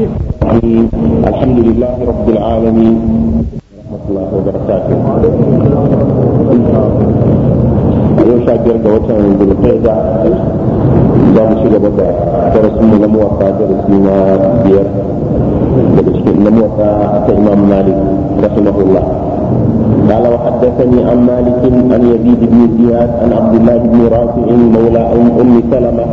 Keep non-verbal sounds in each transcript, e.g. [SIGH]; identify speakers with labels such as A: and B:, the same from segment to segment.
A: الحمد لله رب العالمين ورحمة الله وبركاته
B: yau sha biyar ga watan zulqa'ida za mu ci gaba da darasin mu na muwaka darasi na biyar
A: قال وحدثني عن مالك عن يزيد بن زياد عن عبد الله بن رافع مولى ام سلمه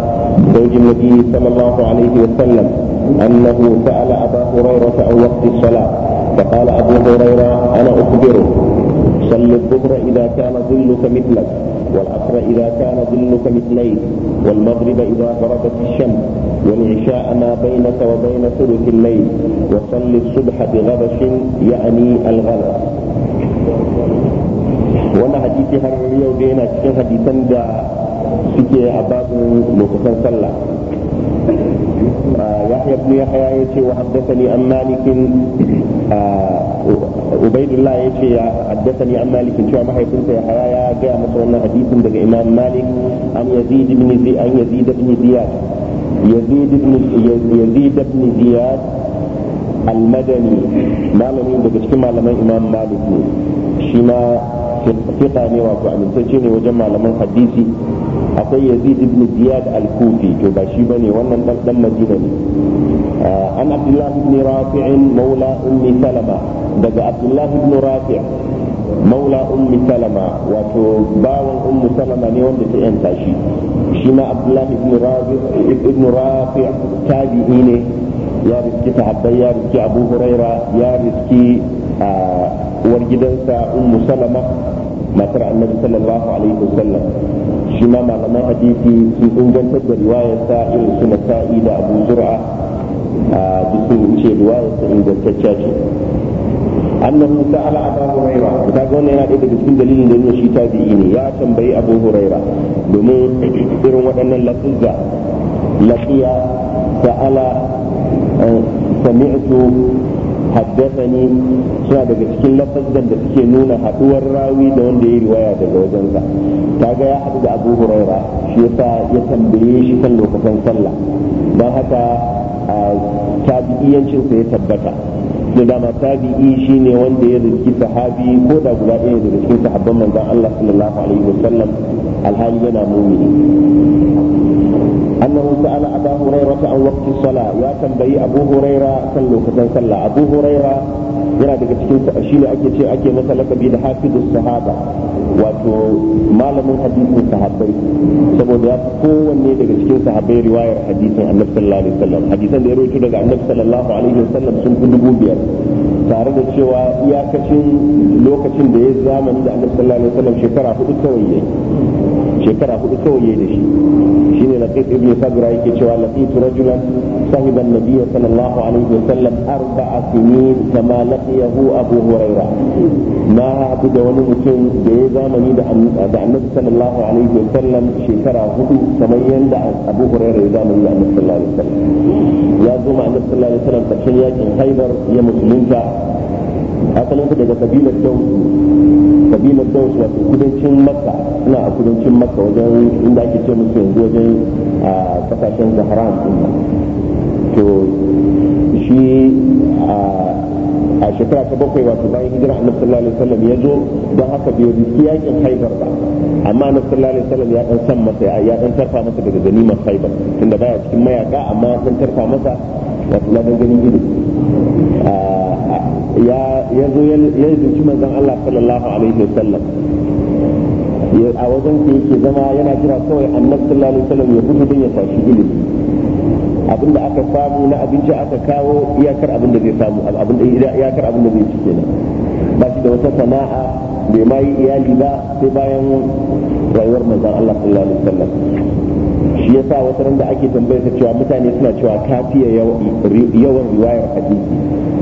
A: زوج النبي صلى الله عليه وسلم أنه سأل أبا هريرة عن وقت الصلاة فقال أبو هريرة أنا أخبره صل الظهر إذا كان ظلك مثلك والعصر إذا كان ظلك مثليك والمغرب إذا غربت الشمس والعشاء ما بينك وبين ثلث الليل وصل الصبح بغبش يعني الغلا wannan hadisi هرمي yau da yana سكي عباد da صلى الله عليه يحيى بن يحيى يتي وحدثني عن مالك عبيد الله يتي حدثني عن مالك شو ما هيكون يحيى يا جاء مثلا حديث من الإمام مالك عن يزيد بن زي عن يزيد بن زياد يزيد بن يزيد بن زياد المدني ما لم cikin malaman imam malik ne shi ma fiqa ne wato amintacce ne wajen malaman hadisi akwai yazid ibn ziyad al-kufi to ba shi bane wannan dan dan madina ne ah, an abdullah ibn rafi' maula ummi salama daga abdullah ibn rafi' maula ummi salama wato bawan ummi salama ne wanda ta yanta shi shi ma abdullah ibn rafi' ibn rafi' tabi'i ne ya riski sahabbai ya riski abu huraira ya riski ah, uwar gidansa ummu salama matar annabi sallallahu alaihi wasallam shi ma malaman hadisi sun ingantar da riwayar sa irin su nasa'i da abu zur'a a bisu ce riwayar sa ingantacciya ce annahu sa'ala abu huraira ta ga wannan yana ɗaya daga cikin dalilin da nuna shi tabi'i ne ya tambayi abu huraira domin irin waɗannan lafuzza ta ala. Eh, sami'tu haddasani suna daga cikin lafazan da suke nuna haduwar rawi da wanda ya riwaya daga wajensa ga ya haɗu da abu huraira shi yasa ya tambaye shi kan lokacin sallah don haka tabi'iyancinsa ya tabbata da dama tabi'i shine wanda ya riki sahabi ko da guda ɗaya daga cikin sahabban manzon Allah sallallahu alaihi wasallam alhali yana mumini mata an وقت sala ya tambayi abu huraira kan lokacin sallah abu huraira yana daga cikin shi ne ake ce ake masa lakabi da hafizus sahaba wato malamin hadisin sahabbai saboda ya fi kowanne daga cikin sahabbai riwayar hadisin annabi sallallahu alaihi wasallam hadisan da ya rawaito daga annabi sallallahu alaihi wasallam sun fi dubu biyar tare da cewa iyakacin lokacin da ya zamani da annabi sallallahu alaihi wasallam shekara hudu kawai yayi shekara hudu kawai yayi da shi shine laqit ibn sabra yake cewa laqitu rajulan sahiba an-nabiy sallallahu alaihi wasallam arba'a sinin kama laqiyahu abu huraira na haɗu da wani mutum da ya zamani da annabi sallallahu alaihi shekara hudu kamar yadda abu huraira ya zamani da annabi sallallahu alaihi ya zo ma annabi sallallahu alaihi yakin haibar ya musulunta asalin daga kabilar daudu kabila daus wato kudancin makka suna a kudancin makka wajen inda ake ce musu yanzu wajen a kasashen zaharan din to shi a shekara ta bakwai wato bayan hijira annabi sallallahu alaihi wasallam ya zo don haka bai riski yakin haibar ba amma annabi sallallahu alaihi wasallam ya dan san masa ya dan tarfa masa daga ganimar haibar tunda baya cikin mayaka amma ya dan tarfa masa wato na ganin ido ya zo ya zuci manzon Allah sallallahu alaihi wasallam a wajen ke yake zama yana jira kawai annabi sallallahu alaihi sallam ya gudu don ya tashi ilimi abin da aka samu na abinci aka kawo iyakar abin da zai samu abin da iyakar abin da zai ci kenan ba shi da wata sana'a bai ma yi iyali ba sai bayan rayuwar manzon Allah sallallahu alaihi wasallam shi sa wata randa da ake tambayar ta cewa mutane suna cewa kafiya yawan riwayar hadisi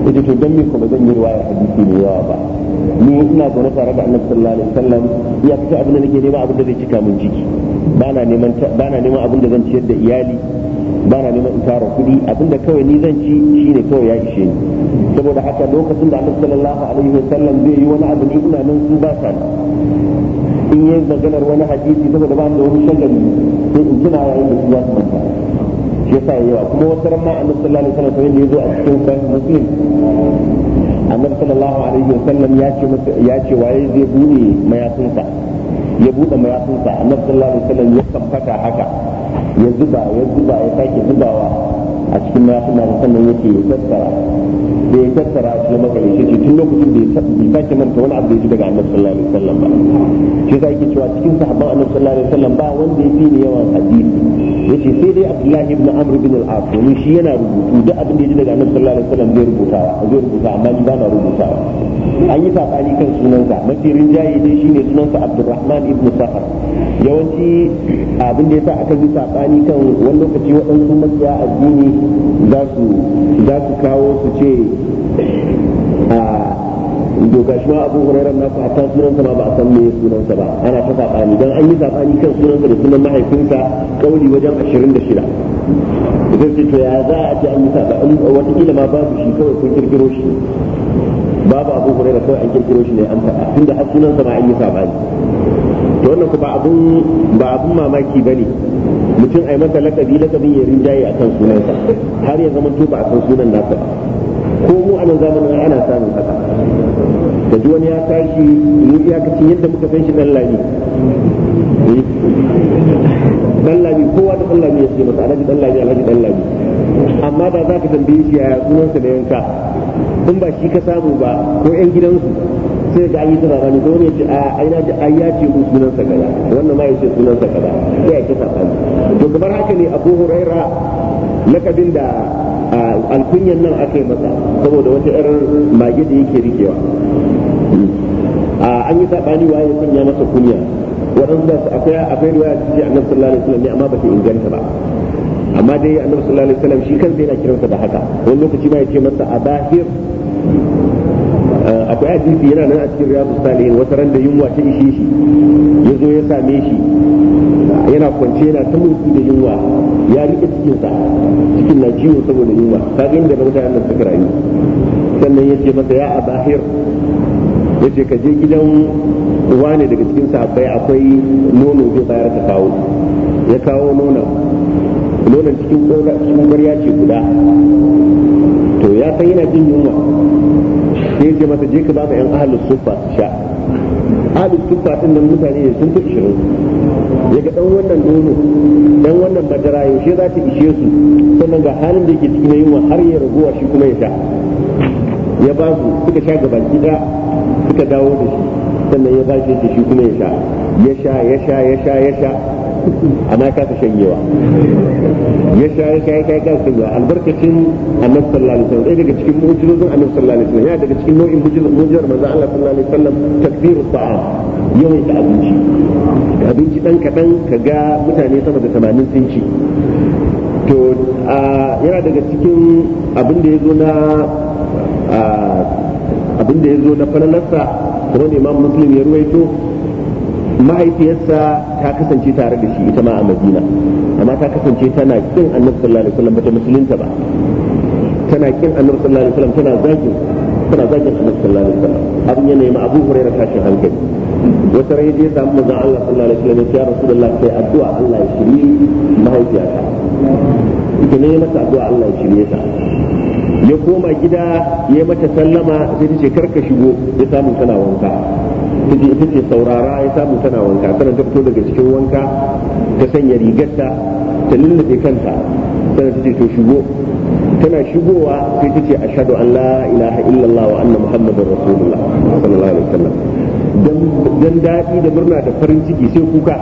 A: ita to don me ko ba zan yi riwayar hadisi ne yawa ba ni ina zaune tare da Annabi sallallahu alaihi wasallam ya fita abin da nake nema abin da zai cika min jiki bana neman bana neman abin da zan ciyar da iyali bana neman in tara kuɗi abin da kawai ni zan ci shine kawai ya ishe ni saboda haka lokacin da Annabi sallallahu alaihi wasallam zai yi wani abu ni ina nan su ba sa in yi maganar wani hadisi saboda ba da wani shagali sai in tuna su su manta shi yasa yawa kuma wata ran ma annabi sallallahu alaihi wasallam ya zo a cikin sahih muslim annabi sallallahu alaihi wasallam ya ce masa ya ce waye zai bude mayafinsa ya bude mayafinsa annabi sallallahu alaihi wasallam ya kamfata haka ya zuba ya zuba ya sake zubawa a cikin nafila sannan yake ya tattara da ya tattara a cikin maka shi ce tun lokacin da ya sake manta wani abu da ya ji daga annabi sallallahu alaihi wasallam ba shi yasa yake cewa cikin sahabban annabi sallallahu alaihi wasallam ba wanda ya fi ni yawan hadisi yace sai dai Abdullahi ibn Amr ibn al-As domin shi yana rubutu duk abin da ji daga Annabi sallallahu alaihi wasallam zai a zai rubuta amma ni ba na rubuta an yi sabani kan sunansa mafirin jayi dai shine sunansa Abdurrahman ibn Safar yawanci abin da yasa aka yi sabani kan wani lokaci waɗansu makiya addini za su za su kawo su ce a to gashi ma abu hurairar naku hatta sunansa ma ba a san meye sunansa ba ana ta sabani don an yi sabani kan sunansa da sunan mahaifinsa kauli wajen ashirin 26 idan ce to ya za a ce an yi sabani wataƙila ma babu shi kawai kun kirkiro shi babu abu hurairar kawai an kirkiro shi ne an faɗa tunda har sunansa ma an yi sabani to wannan ku ba abun ba abun mamaki bane mutum ai masa lakabi lakabin ya rinjaye kan sunansa har ya zama to ba a san sunan nasa ba ko mu a nan zamanin ana samun haka da ji wani ya tashi mu iyakacin yadda muka san shi dan lami dan lami kowa da dan lami ya ce masa alhaji dan lami alhaji dan lami amma ba za ka tambaye shi yaya sunansa da yanka in ba shi ka samu ba ko yan gidansu sai ga an yi tura rani dole ce a aina ji ai ya ce sunan sa kaza wannan ma ya ce sunan sa kaza sai ya ce sabani to kamar haka ne Abu Huraira lakabin da alkunyan nan aka yi masa saboda wata yar mage da yake rikewa an yi sabani waye sanya masa kunya waɗansu su akwai akwai riwaya ta ce annabi sallallahu alaihi wasallam ne amma ba ta inganta ba amma dai annabi sallallahu alaihi wasallam shi kansa yana kiransa da haka wani lokaci ma ya ce masa abahir akwai hadisi yana nan a cikin riyadu salihin wata ran da yunwa ta ishe shi ya zo ya same shi yana kwance yana ta motsi da yunwa ya rike cikinsa cikin na ciwo saboda yunwa ka ga inda mutanen nan suka rayu sannan ya ce masa ya abahir ya ce ka je gidan uwa ne daga cikin sa akwai nono zai bayar ka kawo ya kawo nono nonon cikin ƙwarya ce guda to ya san yana jin yunwa sai ce mata je ka ba ma yan ahalus sufa su sha ahalus sufa din nan mutane ne sun fi ishirin ya ga dan wannan nono dan wannan madara yaushe za ta ishe su sannan ga halin da yake cikin yunwa har ya raguwa shi kuma ya sha ya ba su suka sha gaba gida suka dawo da shi sannan ya ba shi shi kuma ya sha ya sha ya sha ya sha ya sha amma ka fi shanyewa ya sha ya kai kai kan sanya albarkacin annabi sallallahu alaihi wasallam daga cikin mu'jizozin annabi sallallahu alaihi wasallam ya daga cikin nau'in mu'jizar manzo Allah sallallahu alaihi wasallam takbiru ta'am yawan da abinci abinci dan kadan ka ga mutane sama da 80 sun ci to yana daga cikin abin da yazo na abin da yazo na falalarsa kuma imam muslim ya ruwaito mahaifiyarsa ta kasance tare da shi ita ma a madina amma ta kasance tana kin annabi sallallahu alaihi wasallam bata musulunta ba tana kin annabi sallallahu alaihi wasallam tana zagin tana zagin annabi sallallahu alaihi wasallam abin yana ma abu hurairah tashin hankali wata rai ya samu manzon Allah sallallahu alaihi wasallam ya rasulullah sai addu'a Allah ya shiri mahaifiyata ita ne mata addu'a Allah ya shirye ta ya koma gida ya mata sallama sai ta ce karka shigo ya samu tana wanka take saurara ya samu tana wanka tana ta fito daga cikin wanka ta sanya rigarta ta lullube kanta tana ta ce to shigo tana shigowa sai ta ce ashhadu an la ilaha illallah wa anna muhammadar rasulullah sallallahu alaihi wasallam dan daɗi da murna da farin ciki sai kuka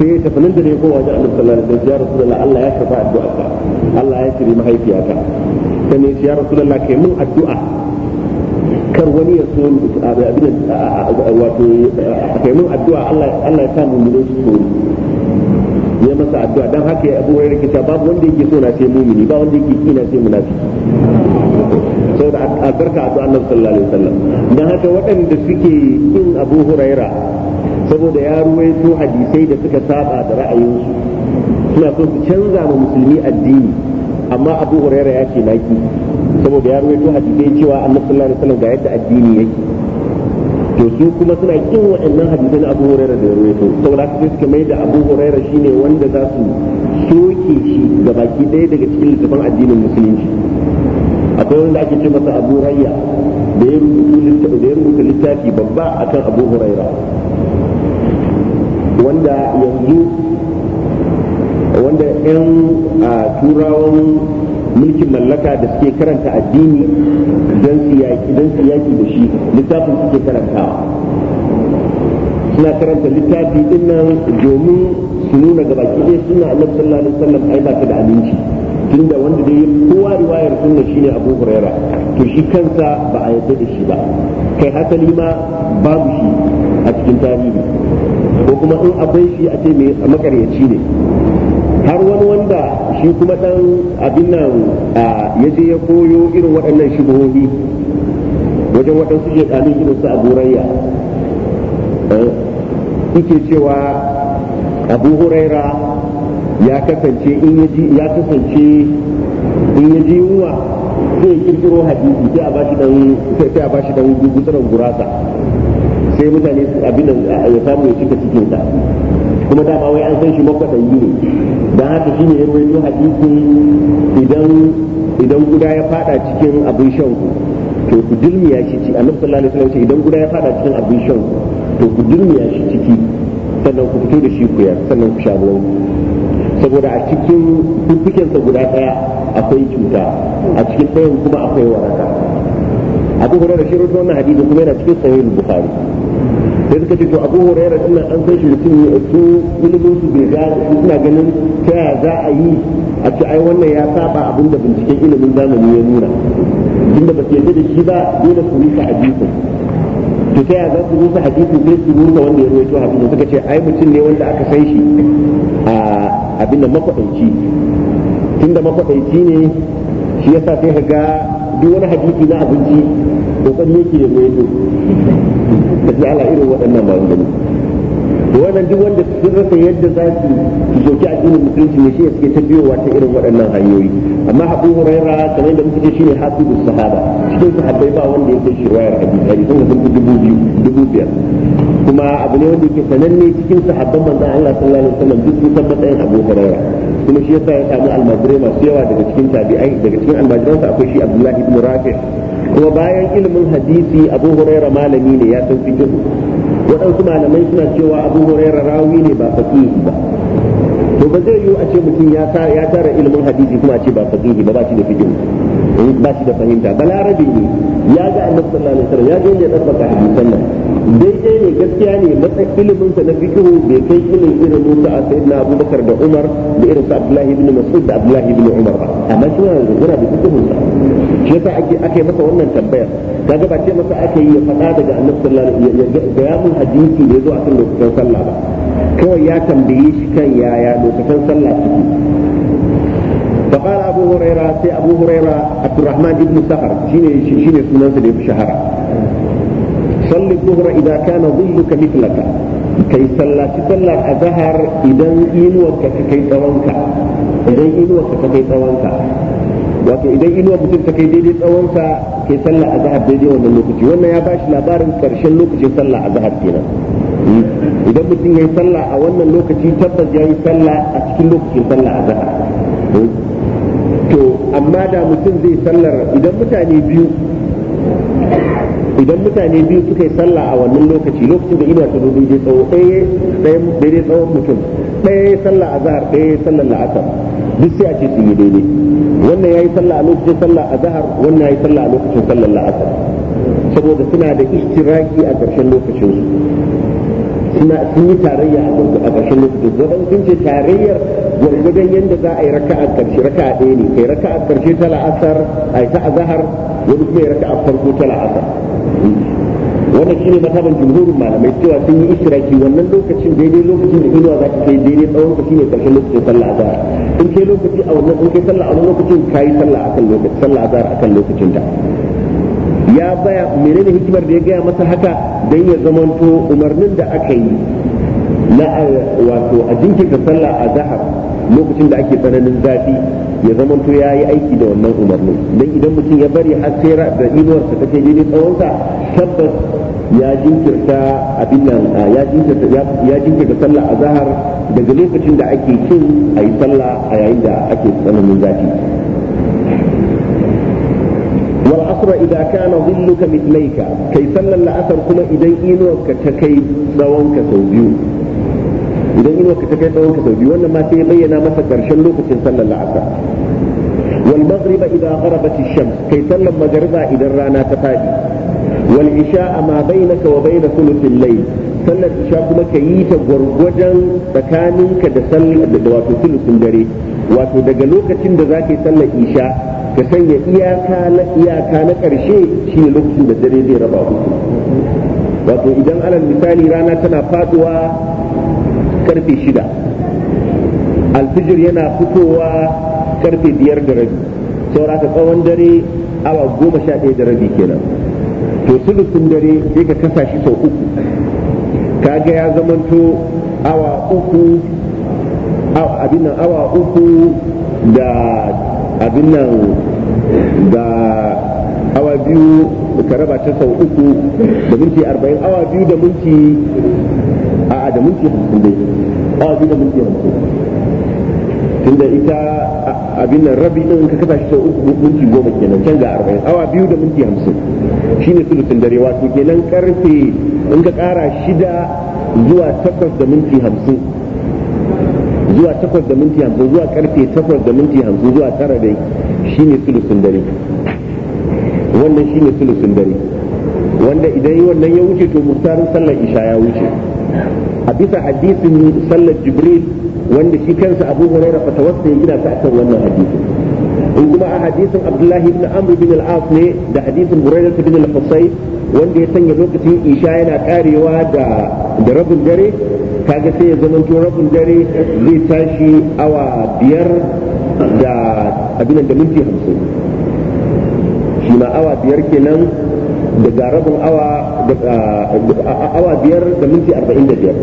A: sai ya tafi nan da ne kowa da annabi sallallahu alaihi wasallam ya rasulullah Allah ya kafa addu'a Allah ya shiri mahaifiyata sai ya rasulullah kai mun addu'a kar wani ya so abin wato kai mun addu'a Allah Allah ya sa mu mu so ya masa addu'a dan haka ya abuwa rike ta babu wanda yake so na ce mumini ba wanda yake kina sai munafiki saboda a barka addu'a Annabi sallallahu alaihi wasallam dan haka waɗanda suke in Abu Hurairah saboda ya ruwaito hadisai da suka saba da ra'ayinsu suna so su canza ma musulmi addini amma abu huraira ya ce naki saboda ya ruwaito hadisai cewa annabi sallallahu alaihi wasallam ga yadda addini yake to su kuma suna kin waɗannan hadisai na abu huraira da ya ruwaito saboda haka suka mai da abu huraira shine wanda za su soke shi ga baki ɗaya daga cikin littafin addinin musulunci akwai wanda ake ce masa abu Raya da ya rubuta littafi babba akan abu huraira wanda yanzu wanda 'yan turawan mulkin mallaka da suke karanta addini don siyaki da shi littafin suke karantawa suna karanta littafi dinnan domin su nuna baki ɗaya suna annabi sallallahu alaihi wasallam ai ba ta da aminci tunda wanda da yi kowa riwayar sunna shine Abu Huraira to shi kansa ba a yarda da shi ba kai hasali ma babu shi a cikin tarihi ko kuma in akwai shi a ce mai makaryaci ne haka shi kuma dan abin nan ya je ya koyo irin waɗannan shubuhohi wajen waɗansu shekaru irin su abu rayya eh, yake cewa abu huraira ya kasance in ya kasance in ya ji yunwa zai kirkiro hadisi sai a bashi dan sai a bashi dan gutsuran gurasa sai mutane abin da ya samu ya cika cikin sa kuma dama wai an san shi yi ne dan haka shi ne yawon yi idan idan guda ya fada cikin abin shan ku to ku dulmiya shi ci annabi sallallahu alaihi wasallam idan guda ya fada cikin abin shan ku to ku dulmiya shi ciki sannan ku fito da shi ku yar sannan ku sha ruwan saboda a cikin fuffukensa guda daya akwai cuta a cikin ɗayan kuma akwai waraka abu hurairah shi rawaito wannan hadisi kuma yana cikin sahih bukhari sai suka ce to abu hurairah din an san shi mutum ne su ilimin su bai ga suna ganin ta yaya za a yi a ce ai wannan ya saba abin da binciken ilimin zamani ya nuna tunda ba su da shi ba dole su rusa hadisin to ta yaya za su rusa hadisin sai su rusa wanda ya ruwaito hadisin suka ce ai mutum ne wanda aka san shi a abin da makwaɗaici tunda makwaɗaici ne shi yasa sai ka ga duk wani hadisi na abinci kokari yake ya ruwaito da ala irin waɗannan maganganu wannan duk wanda sun rasa yadda za su a addinin musulunci ne shi ya suke ta biyowa ta irin waɗannan hanyoyi amma abu huraira kamar yadda muka ce ne hasibu sahaba cikin sahabbai ba wanda ya kai shi wayar hadisi hadisin da sun fi dubu biyu dubu biyar kuma abu ne wanda yake sananne cikin sahabban manzon Allah sallallahu alaihi wasallam duk sun san matsayin abu huraira kuma shi yasa ya samu almajirai masu yawa daga cikin tabi'ai daga cikin sa akwai shi Abdullahi ibn Rafi' kuma bayan ilimin hadisi Abu Huraira malami ne ya san fiqh waɗansu malamai suna cewa abu huraira rawi ne ba faqihi ba to ba zai yiwu a ce mutum ya tara ilimin hadisi kuma a ce ba faqihi ba ba shi da fijin Eh, ba shi da fahimta ba balarabe ne ya ga annabi sallallahu alaihi wasallam ya ga inda yadda dabbaka hadisan nan daidai ne gaskiya ne matsayin ilimin sa na fiqh bai kai ilimin irin Musa a sayyidina Abubakar da Umar da irin sa Abdullahi ibn Mas'ud da Abdullahi ibn Umar ba amma shi wannan da gura da fiqh sa shi yasa ake ake masa wannan tambayar kaga ba ce masa ake yi fada daga annabi sallallahu alaihi wasallam ya mun hadisi da zuwa akan lokacin sallah ba kawai ya tambaye shi kan yaya lokacin sallah فقال أبو هريرة سي أبو هريرة عبد الرحمن بن سخر شيني شيني سنان سيدي في شهرة صل الظهر إذا كان ظلك مثلك كي صلى صلى الظهر إذا إنوك كي تونك إذا إنوك كي تونك wato idan inuwa mutum ta kai daidai tsawonsa kai sallah a zahar daidai wannan lokaci wannan ya bashi labarin karshen lokacin sallah a zahar kenan idan mutum ya yi sallah a wannan lokaci tabbas ya yi sallah a cikin lokacin sallah a zahar amma da mutum zai sallar idan mutane biyu idan mutane biyu suka yi sallah a wannan lokaci lokacin da ina tuno daidai tsawo ɗaya daidai tsawon mutum ɗaya ya sallah a zahar ɗaya ya sallah la'asar duk sai a ce su yi daidai wannan ya yi sallah a lokacin sallah a zahar wannan ya yi sallah a lokacin sallah la'asar saboda suna da ishtiraki a ƙarshen lokacin su suna sun yi tarayya a ƙarshen lokacin waɗansu sun ce tarayyar gwargwadon yadda za a yi raka'a karshe raka'a ɗaya ne kai raka'a karshe ta la'asar a yi ta zahar wani kuma ya raka'a farko ta la'asar wannan shine mazhaban jumhurin malamai cewa sun yi ishiraki wannan lokacin daidai lokacin da inuwa za ta kai daidai tsawon ka shine karshen lokacin sallah azhar in kai lokaci a wannan in kai sallah a wannan lokacin yi sallah akan lokacin sallah azhar akan lokacin ta ya baya menene hikimar da ya gaya masa haka dan ya zamanto umarnin da aka yi na eh, wato a jinkirta sallah zahar. lokacin da ake tsananin zafi ya zama to ya yi aiki da wannan umarnin don idan mutum ya bari har sai da inuwarsa ta kai daidai tsawonsa tabbas ya jinkirta abin nan ya jinkirta ya jinkirta sallah azhar daga lokacin da ake a ayi sallah a yayin da ake tsananin zafi wal asr idza kana dhilluka mithlayka kai sallan la asr kuma idan inuwarka ta kai tsawonka sau biyu idan inuwa ka ta kai tsawon ka biyu wannan ma sai ya bayyana masa karshen lokacin sallar la'asar wal maghriba idan gharabat ash-shams kai sallar magriba idan rana ta fadi wal isha ma bainaka wa bain thuluthil layl sallar isha kuma ka yi ta gwargwajen tsakaninka da sallar da wato dare wato daga lokacin da zaka sallar isha ka sanya iyaka na iyaka na karshe shine lokacin da dare zai raba ku idan alal misali rana tana faduwa karfe shida alfijir yana fitowa karfe biyar da rabi saura ta tsawon dare awa goma sha ɗaya da rabi kenan to sulusun dare sai ka kasa shi sau uku kaga ya zamanto awa uku abin nan awa uku da abin nan da awa biyu ka raba ta sau uku da minti arba'in awa biyu da minti a'a da minti hamsin dai ba su da minti 50 tunda ita abin nan rabi din ka kasa shi sau uku minti goma kenan can ga arba'in awa biyu da minti 50 shine sulutin dare wato kenan karfe in ka kara shida zuwa takwas da minti hamsin zuwa takwas da minti hamsin zuwa karfe takwas da minti hamsin zuwa tara dai shine sulusun dare wannan shine sulusun dare wanda idan wannan ya wuce to muktarin sallar isha ya wuce a bisa hadisin sallar jibril wanda shi kansa abu huraira fatawarsa ya gina ta akan wannan hadisin in kuma a hadisin abdullahi ibn amr bin al-as ne da hadisin huraira bin al qasai wanda ya sanya lokacin isha yana karewa da da rabin dare kaga sai ya zama to rabin dare zai tashi awa biyar da abin da minti 50 shi ma awa biyar kenan daga rabin awa biyar da minti arba'in da biyar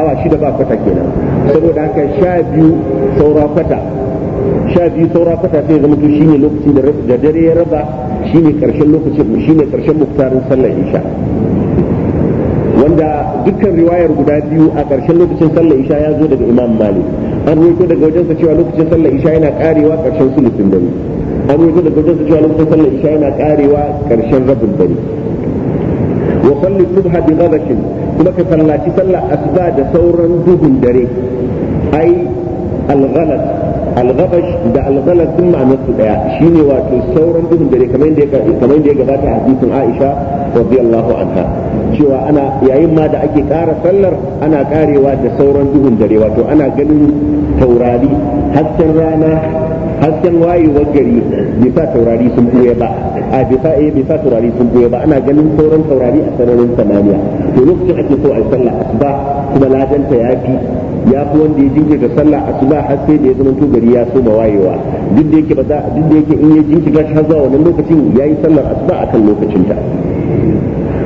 A: awa shida ba kwata kenan saboda haka sha biyu saura kwata sha biyu saura kwata sai zama shi ne lokaci da dare ya raba shi ne karshen lokacin shi ne karshen muktarin sallar isha wanda dukkan riwayar guda biyu a karshen lokacin sallar isha ya zo daga imam malik an ruwaito daga wajensa cewa lokacin sallar isha yana karewa ƙarshen sulusin dare an rubuta da gudun cewa lokacin sallar isha yana karewa karshen rabin dare wa salli subha bi gabashin kuma ka sallaci sallar asuba da sauran duhun dare ai al-ghalas ghabash da al-ghalas sun ma'anar su daya shine wato sauran duhun dare kamar yadda kamar yadda ya gabata a hadisin Aisha radiyallahu anha cewa ana yayin ma da ake ƙara sallar ana karewa da sauran duhun dare wato ana ganin taurari hasken rana hasken wayewar gari bisa taurari sun buye ba a bisa eh bisa taurari sun buye ba ana ganin sauran taurari a sararin samaniya to lokacin ake so a sallah asuba kuma ladanta ya fi ya fi wanda ya jinkirta sallah asuba har sai da ya zama gari ya so ba wayewa duk da yake ba za duk da yake in ya jinkirta har zuwa wannan lokacin yayi sallar asuba akan ta.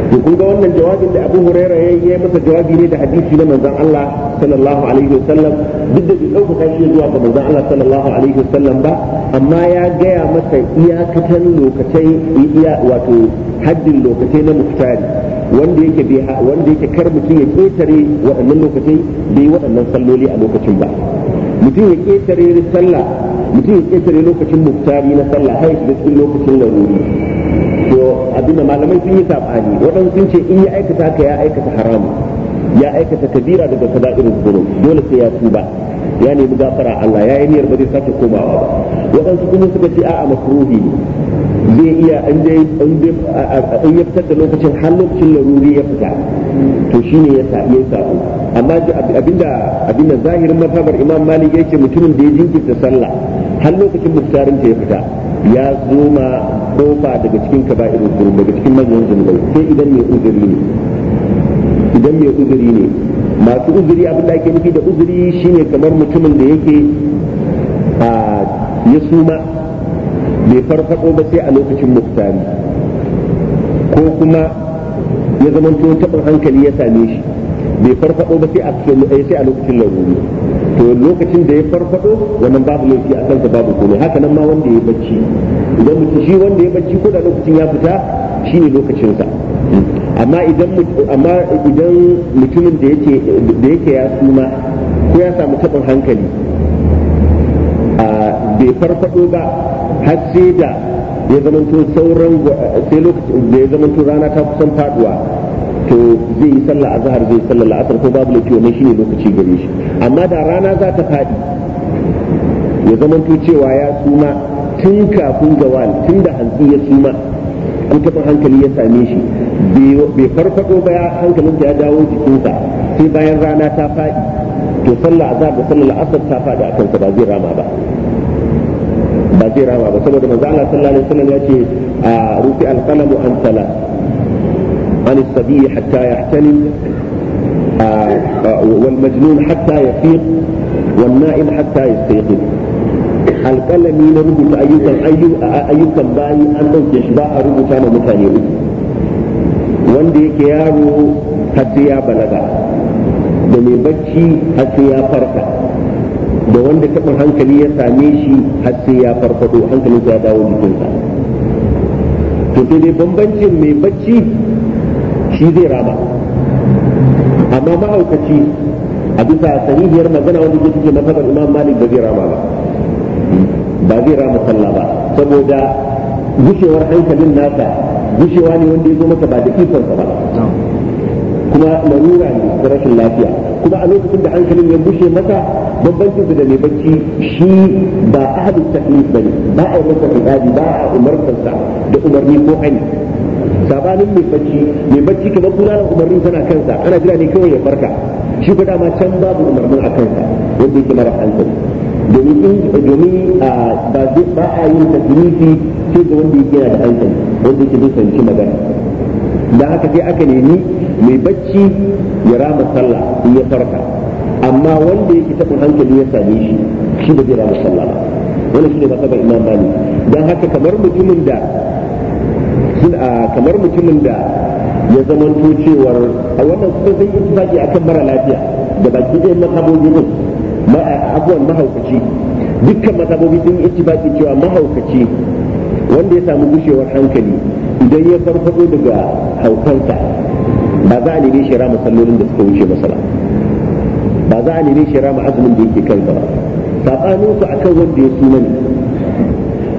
A: to kun ga wannan jawabin da Abu Hurairah yi masa jawabi ne da hadisi na manzon Allah sallallahu alaihi wasallam duk da bai ɗaukaka shi zuwa ga manzon Allah sallallahu alaihi wasallam ba amma ya gaya masa iyakatan lokacai iya wato haddin lokacai na muftari wanda yake wanda yake kar mutum ya ketare waɗannan lokacai bai waɗannan salloli a lokacin ba mutum ya ketare sallah mutum ya ketare lokacin muftari na sallah har ya shiga cikin lokacin laruri to abinda malamai sun yi sabani waɗansu sun ce in ya aikata ka ya aikata haramu ya aikata kabira daga kaba'irul zuru dole sai ya tuba ya nemi gafara Allah ya yi niyyar ba zai sake komawa ba waɗansu kuma suka ce a'a makruhi ne zai iya an dai an ya fitar da lokacin har lokacin laruri ya fita to shine ya sa ya sa amma abinda abinda zahirin mazhabar Imam Malik yake mutumin da ya jinkirta sallah har lokacin muftarin ta ya fita ya zoma ma kofa daga cikin kaba'irul dhunub daga cikin manyan zunubai sai idan mai uzuri ne idan mai uzuri ne masu uzuri abin da ake nufi da uzuri shine kamar mutumin da yake a ya suma bai farfado ba sai a lokacin muftari ko kuma ya zama zamanto taɓin hankali ya same shi bai farfado ba eh, sai a lokacin laruri to lokacin da ya farfado wannan babu laifi a kansa babu komai haka nan ma wanda ya bacci idan mutum shi wanda ya bacci ko da lokacin ya fita shine lokacinsa amma idan amma idan mutumin da yake da yake ya suma ko ya samu tabin hankali a bai farfado ba har sai da ya to sauran sai lokacin da ya zamanto rana ta kusan faduwa to zai yi sallah azhar zai sallah la'asar ko babu lafiya shi shine lokaci gare shi amma da rana za ta fadi ya zamanto cewa ya suma tun kafin gawal tun da hantsi ya suma an hankali ya same shi bai farfado ba hankalin ya dawo jikinsa sai bayan rana ta faɗi to sallah azhar da sallah al'asr ta faɗi akan sa ba zai rama ba ba zai rama ba saboda manzo Allah sallallahu alaihi ya ce a rufi al-qalam an salat an as-sabi hatta yahtalim wal majnun hatta yafiq wal na'im hatta yastayqin alƙalami na rubuta ayyukan ayyukan bayi an ɗauke shi ba a rubuta ma mutane uku wanda yake yaro har sai ya balaga da mai bacci har sai ya farka da wanda taɓa hankali ya same shi har sai ya farfado hankalinsa ya dawo jikinsa to sai dai bambancin mai bacci shi zai rama amma ma'aukaci a bisa sahihiyar magana wanda ke cikin masabar imam malik ba zai rama ba ba zai rama sallah ba saboda gushewar hankalin nasa gushewa ne wanda ya zo masa ba da ikonsa ba kuma larura ne da rashin lafiya kuma a lokacin da hankalin ya gushe masa babbancin da mai bacci shi ba ahadu taklif bane ba a masa ibadi ba a umartarsa da umarni ko ani sabanin mai bacci mai bacci kamar bulalan umarni tana kansa ana jira ne kawai ya farka shi ba dama can babu umarnin a kansa wanda yake mara hankali domin ah, ba a yin taklifi ce ga wanda yake yana da hankali wanda yake zai fahimci magana da haka sai aka nemi mai bacci ya rama sallah in ya farka amma wanda yake taɓa hankali ya same shi shi da zai rama sallah ba wannan shi ne masabar imam bani don haka kamar mutumin da kamar mutumin da ya zamanto cewar a wannan kuma zai yi tufaki akan mara lafiya da baki ɗayan mazhabobi ne abubuwan mahaukaci dukkan mazhabobi sun yi tufaki cewa mahaukaci wanda ya samu gushewar hankali idan ya farfado daga haukansa ba za a nemi shira rama da suka wuce masala ba za a nemi shira ma azumin da yake kai ba sabanin su akan wanda ya suma ne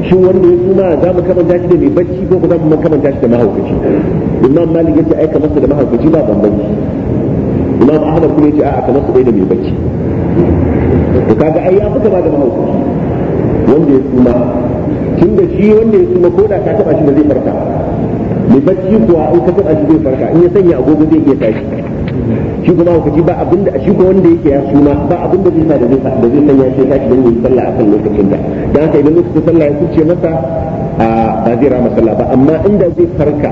A: shin wanda ya suma za mu kamanta shi da mai bacci ko ba za mu kamanta shi da mahaukaci imam malik yace ai kamar da mahaukaci ba bambanci imam ahmad kuma yace a'a kamar su da mai bacci to kaga ai ya fi kama da mahaukaci wanda ya suma tunda shi wanda ya suma koda ka taba shi ba zai farka mai bacci kuwa in ka taba shi zai farka in ya sanya agogo zai iya tashi shi kuma ji ba abinda shi ko wanda yake ya suma ba abinda zai sa da zai da zai sanya shi tashi dan yin sallah akan lokacin da dan haka idan lokacin sallah ya kuce masa ba zai rama sallah ba amma inda zai farka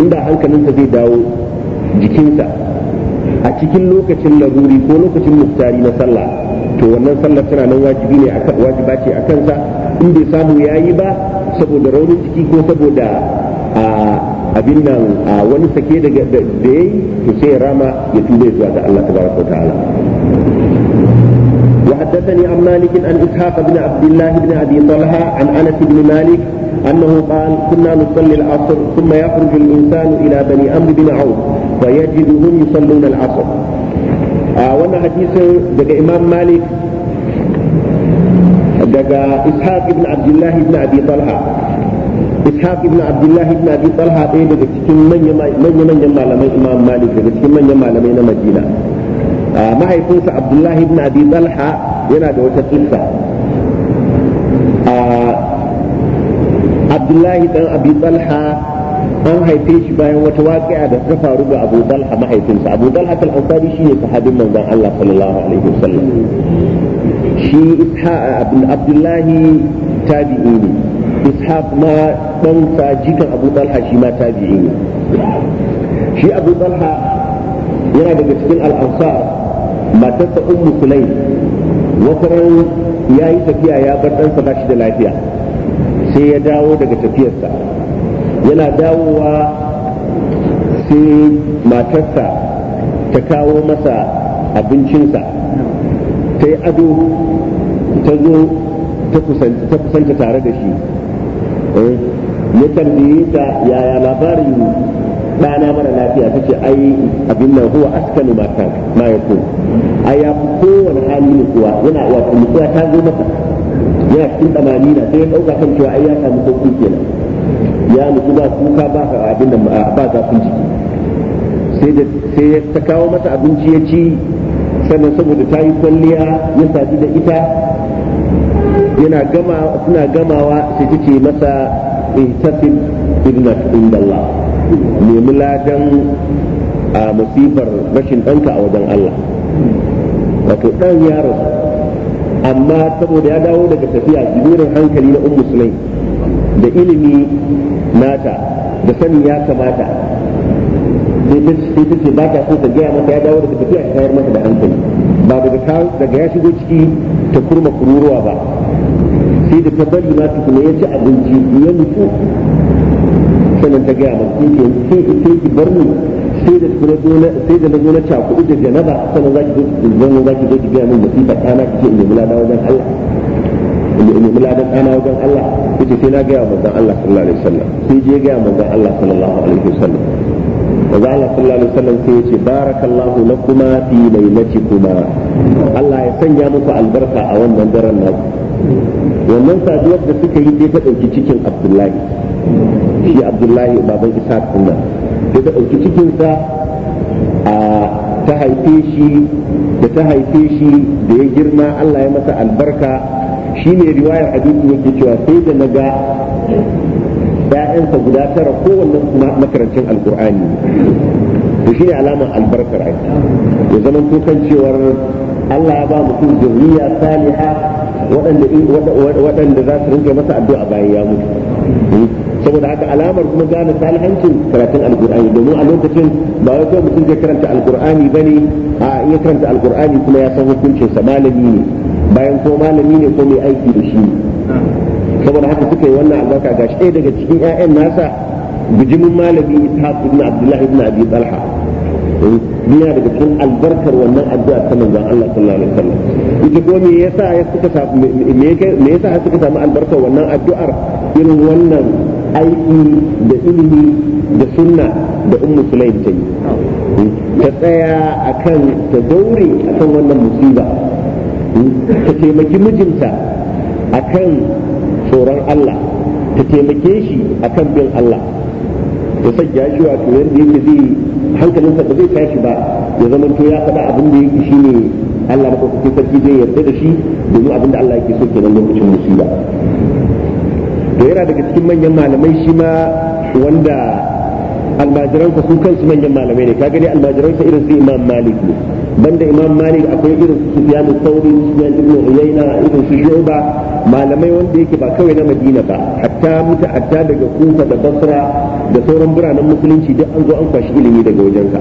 A: inda hankalinsa zai dawo jikinsa a cikin lokacin laruri ko lokacin muftari na sallah to wannan sallar tana nan wajibi ne wajiba ce a kansa in bai samu ya yi ba saboda raunin ciki ko saboda abin nan wani sake daga da ya yi to sai ya rama ya tuba ga Allah tabaraka wa ta'ala wa haddathani an malikin an ishaq bin Abdullahi ibn abi talha an anas ibn malik انه قال كنا نصلي العصر ثم يخرج الانسان الى بني امر بن عوف فيجدهم يصلون العصر آه وانا حديث امام مالك daga ishaq ibn abdullahi ibn abi talha ishaq ibn abdullahi ibn abi talha ɗaya daga cikin manya-manyan malamai imam malik daga cikin manyan malamai na madina mahaifinsa abdullahi ibn abi talha yana da wata kissa abdullahi dan abi talha an haife shi bayan wata waƙi'a da ta faru ga Abu Talha mahaifinsa Abu Talha al-Ansari shine sahabin manzon Allah sallallahu alaihi wasallam shi Abdullahi tabi'i ne Ishaq ma dan sa jikan Abu Talha shi ma tabi'i ne shi Abu Talha yana daga cikin al-Ansar matarsa Ummu Sulaim wata ran yayi tafiya ya bar ɗansa ba shi da lafiya sai ya dawo daga tafiyarsa yana dawowa sai matarsa ta kawo masa abincinsa ta yi ado ta zo ta kusanta tare da shi ya eh, tambaye ta yaya labarin ɗana mara lafiya ta ce ai abin nan huwa askanu matan ma ya ko a ya fi kowane hali ne kuwa yana wata mutuwa ta zo masa yana cikin tsamani na sai ya ɗauka kan cewa ai ya samu sauƙi kenan ya nufi ba kuka ba abin da ba zafin jiki sai da sai ya ta kawo masa abinci ya ci sannan saboda ta yi kwalliya ya sadu da ita yana gama suna gamawa sai ta ce masa ihtasib ibnak indallah nemi ladan a musibar rashin ɗanka a wajen Allah wato ɗan ya amma saboda ya dawo daga tafiya jibirin hankali na ummu sulaiman da ilimi nata da sanin ya kamata ita ce ba ta so ta gaya mata ya dawo daga tafiya ta tayar mata da hankali ba daga daga ya shigo ciki ta kurma kururuwa ba sai da ta bari ma tukuna ya ci abinci ya nufu sannan ta gaya mata sai ke sai ke ki bar ni sai da tukuna sai da nazo na cakudu da janaba sannan za ki zo zan za ki zo ki gaya min wasiƙa kana ki ce in yi lada wajen Allah in nemi ladan ɗana wajen Allah yace sai na ga ya manzon Allah sallallahu alaihi wasallam sai je ga ya manzon Allah sallallahu alaihi wasallam manzon Allah sallallahu alaihi wasallam sai yace barakallahu lakuma fi laylatikuma Allah ya sanya muku albarka a wannan daren nan wannan saduwar da suka yi sai ta dauki cikin Abdullahi shi Abdullahi baban Isa kuma sai ta dauki cikin sa a ta haife shi da ta haife shi da ya girma Allah ya masa albarka shine riwayar abinci yake cewa sai da na ga ‘ya'yansa guda tara kowanne makarancin alkur'ani da shi ne alamar albarkar aiki ya zama tukan cewar Allah ba mutum zuriya saliha waɗanda za su rinke masa addu'a bayan ya mutu hmm. saboda haka alamar kuma gane salihancin karatun alkur'ani domin a lokacin ba wai kawai mutum zai karanta alkur'ani ne a iya karanta alkur'ani kuma ya san hukuncin sa malami ne bayan ko malami ne ko mai aiki da shi saboda haka suka yi wannan albarka ga shi daga cikin 'ya'yan nasa bijimin malami ishaq ibn abdullah ibn abi talha yana daga cikin albarkar wannan addu'a ta manzon Allah sallallahu alaihi wasallam ita ko me yasa ya suka samu me yasa ya suka samu albarkar wannan addu'ar irin wannan aiki da ilimi da sunna da ummu sulaim ta yi ta tsaya akan ta daure akan wannan musiba ta taimaki mijinta a kan tsoron Allah ta taimake shi a kan bin Allah ya sanya shi wato yadda yake zai hankalinsa ba zai tashi ba ya zama to ya faɗa abin da yake ne Allah madaukakin sarki zai yarda da shi domin abin da Allah yake so kenan lokacin musiba to yana daga cikin manyan malamai shi ma wanda almajiransa su kansu manyan malamai ne kaga dai almajiransa irin su Imam Malik ne banda imam malik akwai irin su sufyan al-thawri sufyan ibn uyayna ibn shu'ba malamai wanda yake ba kawai na madina ba hatta muta hatta daga kufa da basra da sauran biranen musulunci duk an zo an kwashi ilimi daga wajen ka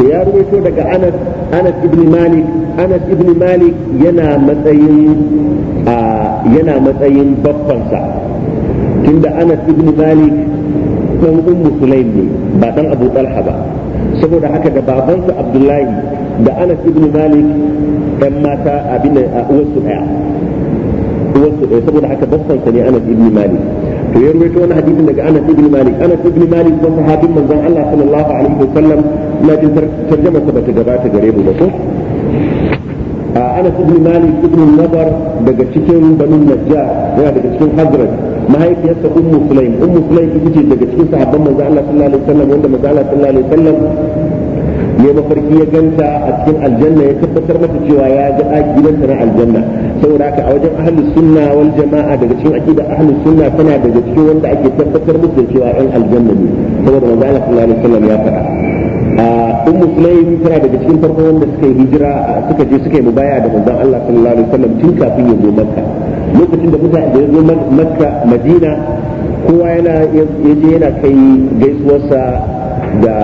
A: to ya rubuto daga anas anas ibn malik anas ibn malik yana matsayin yana matsayin sa tunda anas ibn malik dan ummu sulaim ne ba dan abu talha ba saboda haka da babansa abdullahi da anas ibn malik ɗan mata abin a uwarsu ɗaya uwarsu ɗaya saboda haka bassansa ne anas ibn malik to ya rubuta wani hadisin daga anas ibn malik anas ibn malik ko sahabin manzon Allah sallallahu alaihi wasallam na jin tarjuma ta bata gabata gare mu ba ko anas ibn malik ibn nadar daga cikin banu najjar yana daga cikin hazrat mahaifiyarsa ummu sulaim ummu sulaim ita ce daga cikin sahabban manzon Allah sallallahu alaihi wasallam wanda manzon Allah sallallahu alaihi wasallam ne mafarki ya ganta a cikin aljanna ya tabbatar mata cewa ya ga gidanta na aljanna saboda haka a wajen ahli sunna wal jama'a daga cikin aqida ahli sunna tana daga cikin wanda ake tabbatar musu da cewa ɗan aljanna ne saboda manzo Allah sallallahu alaihi wasallam ya faɗa a ummu sulaim tana daga cikin farko wanda suka yi hijira suka je suka yi mubaya da manzon Allah sallallahu alaihi wasallam tun kafin ya zo makka lokacin da mutane da ya zo makka madina kowa yana yaje yana kai gaisuwarsa da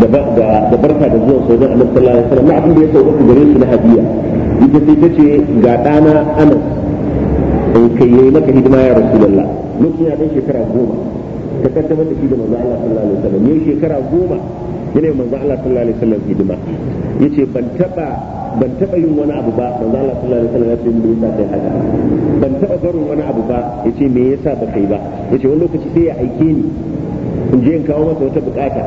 A: da barka da zuwa sojan annabi sallallahu alaihi wasallam abin da ya sauka gare shi na hadiya ita sai ta ce ga ɗana anas in kai yayi maka hidima ya rasulullah lokacin ya dan shekara goma ka kaddamar da shi da manzo Allah sallallahu alaihi wasallam yayi shekara goma yana yi manzo Allah sallallahu alaihi wasallam hidima yace ban taba ban taba yin wani abu ba manzo Allah sallallahu alaihi wasallam ya ce me yasa kai haka ban taba barin wani abu ba yace me yasa ba kai ba yace wani lokaci sai ya aike ni in je in kawo masa wata bukata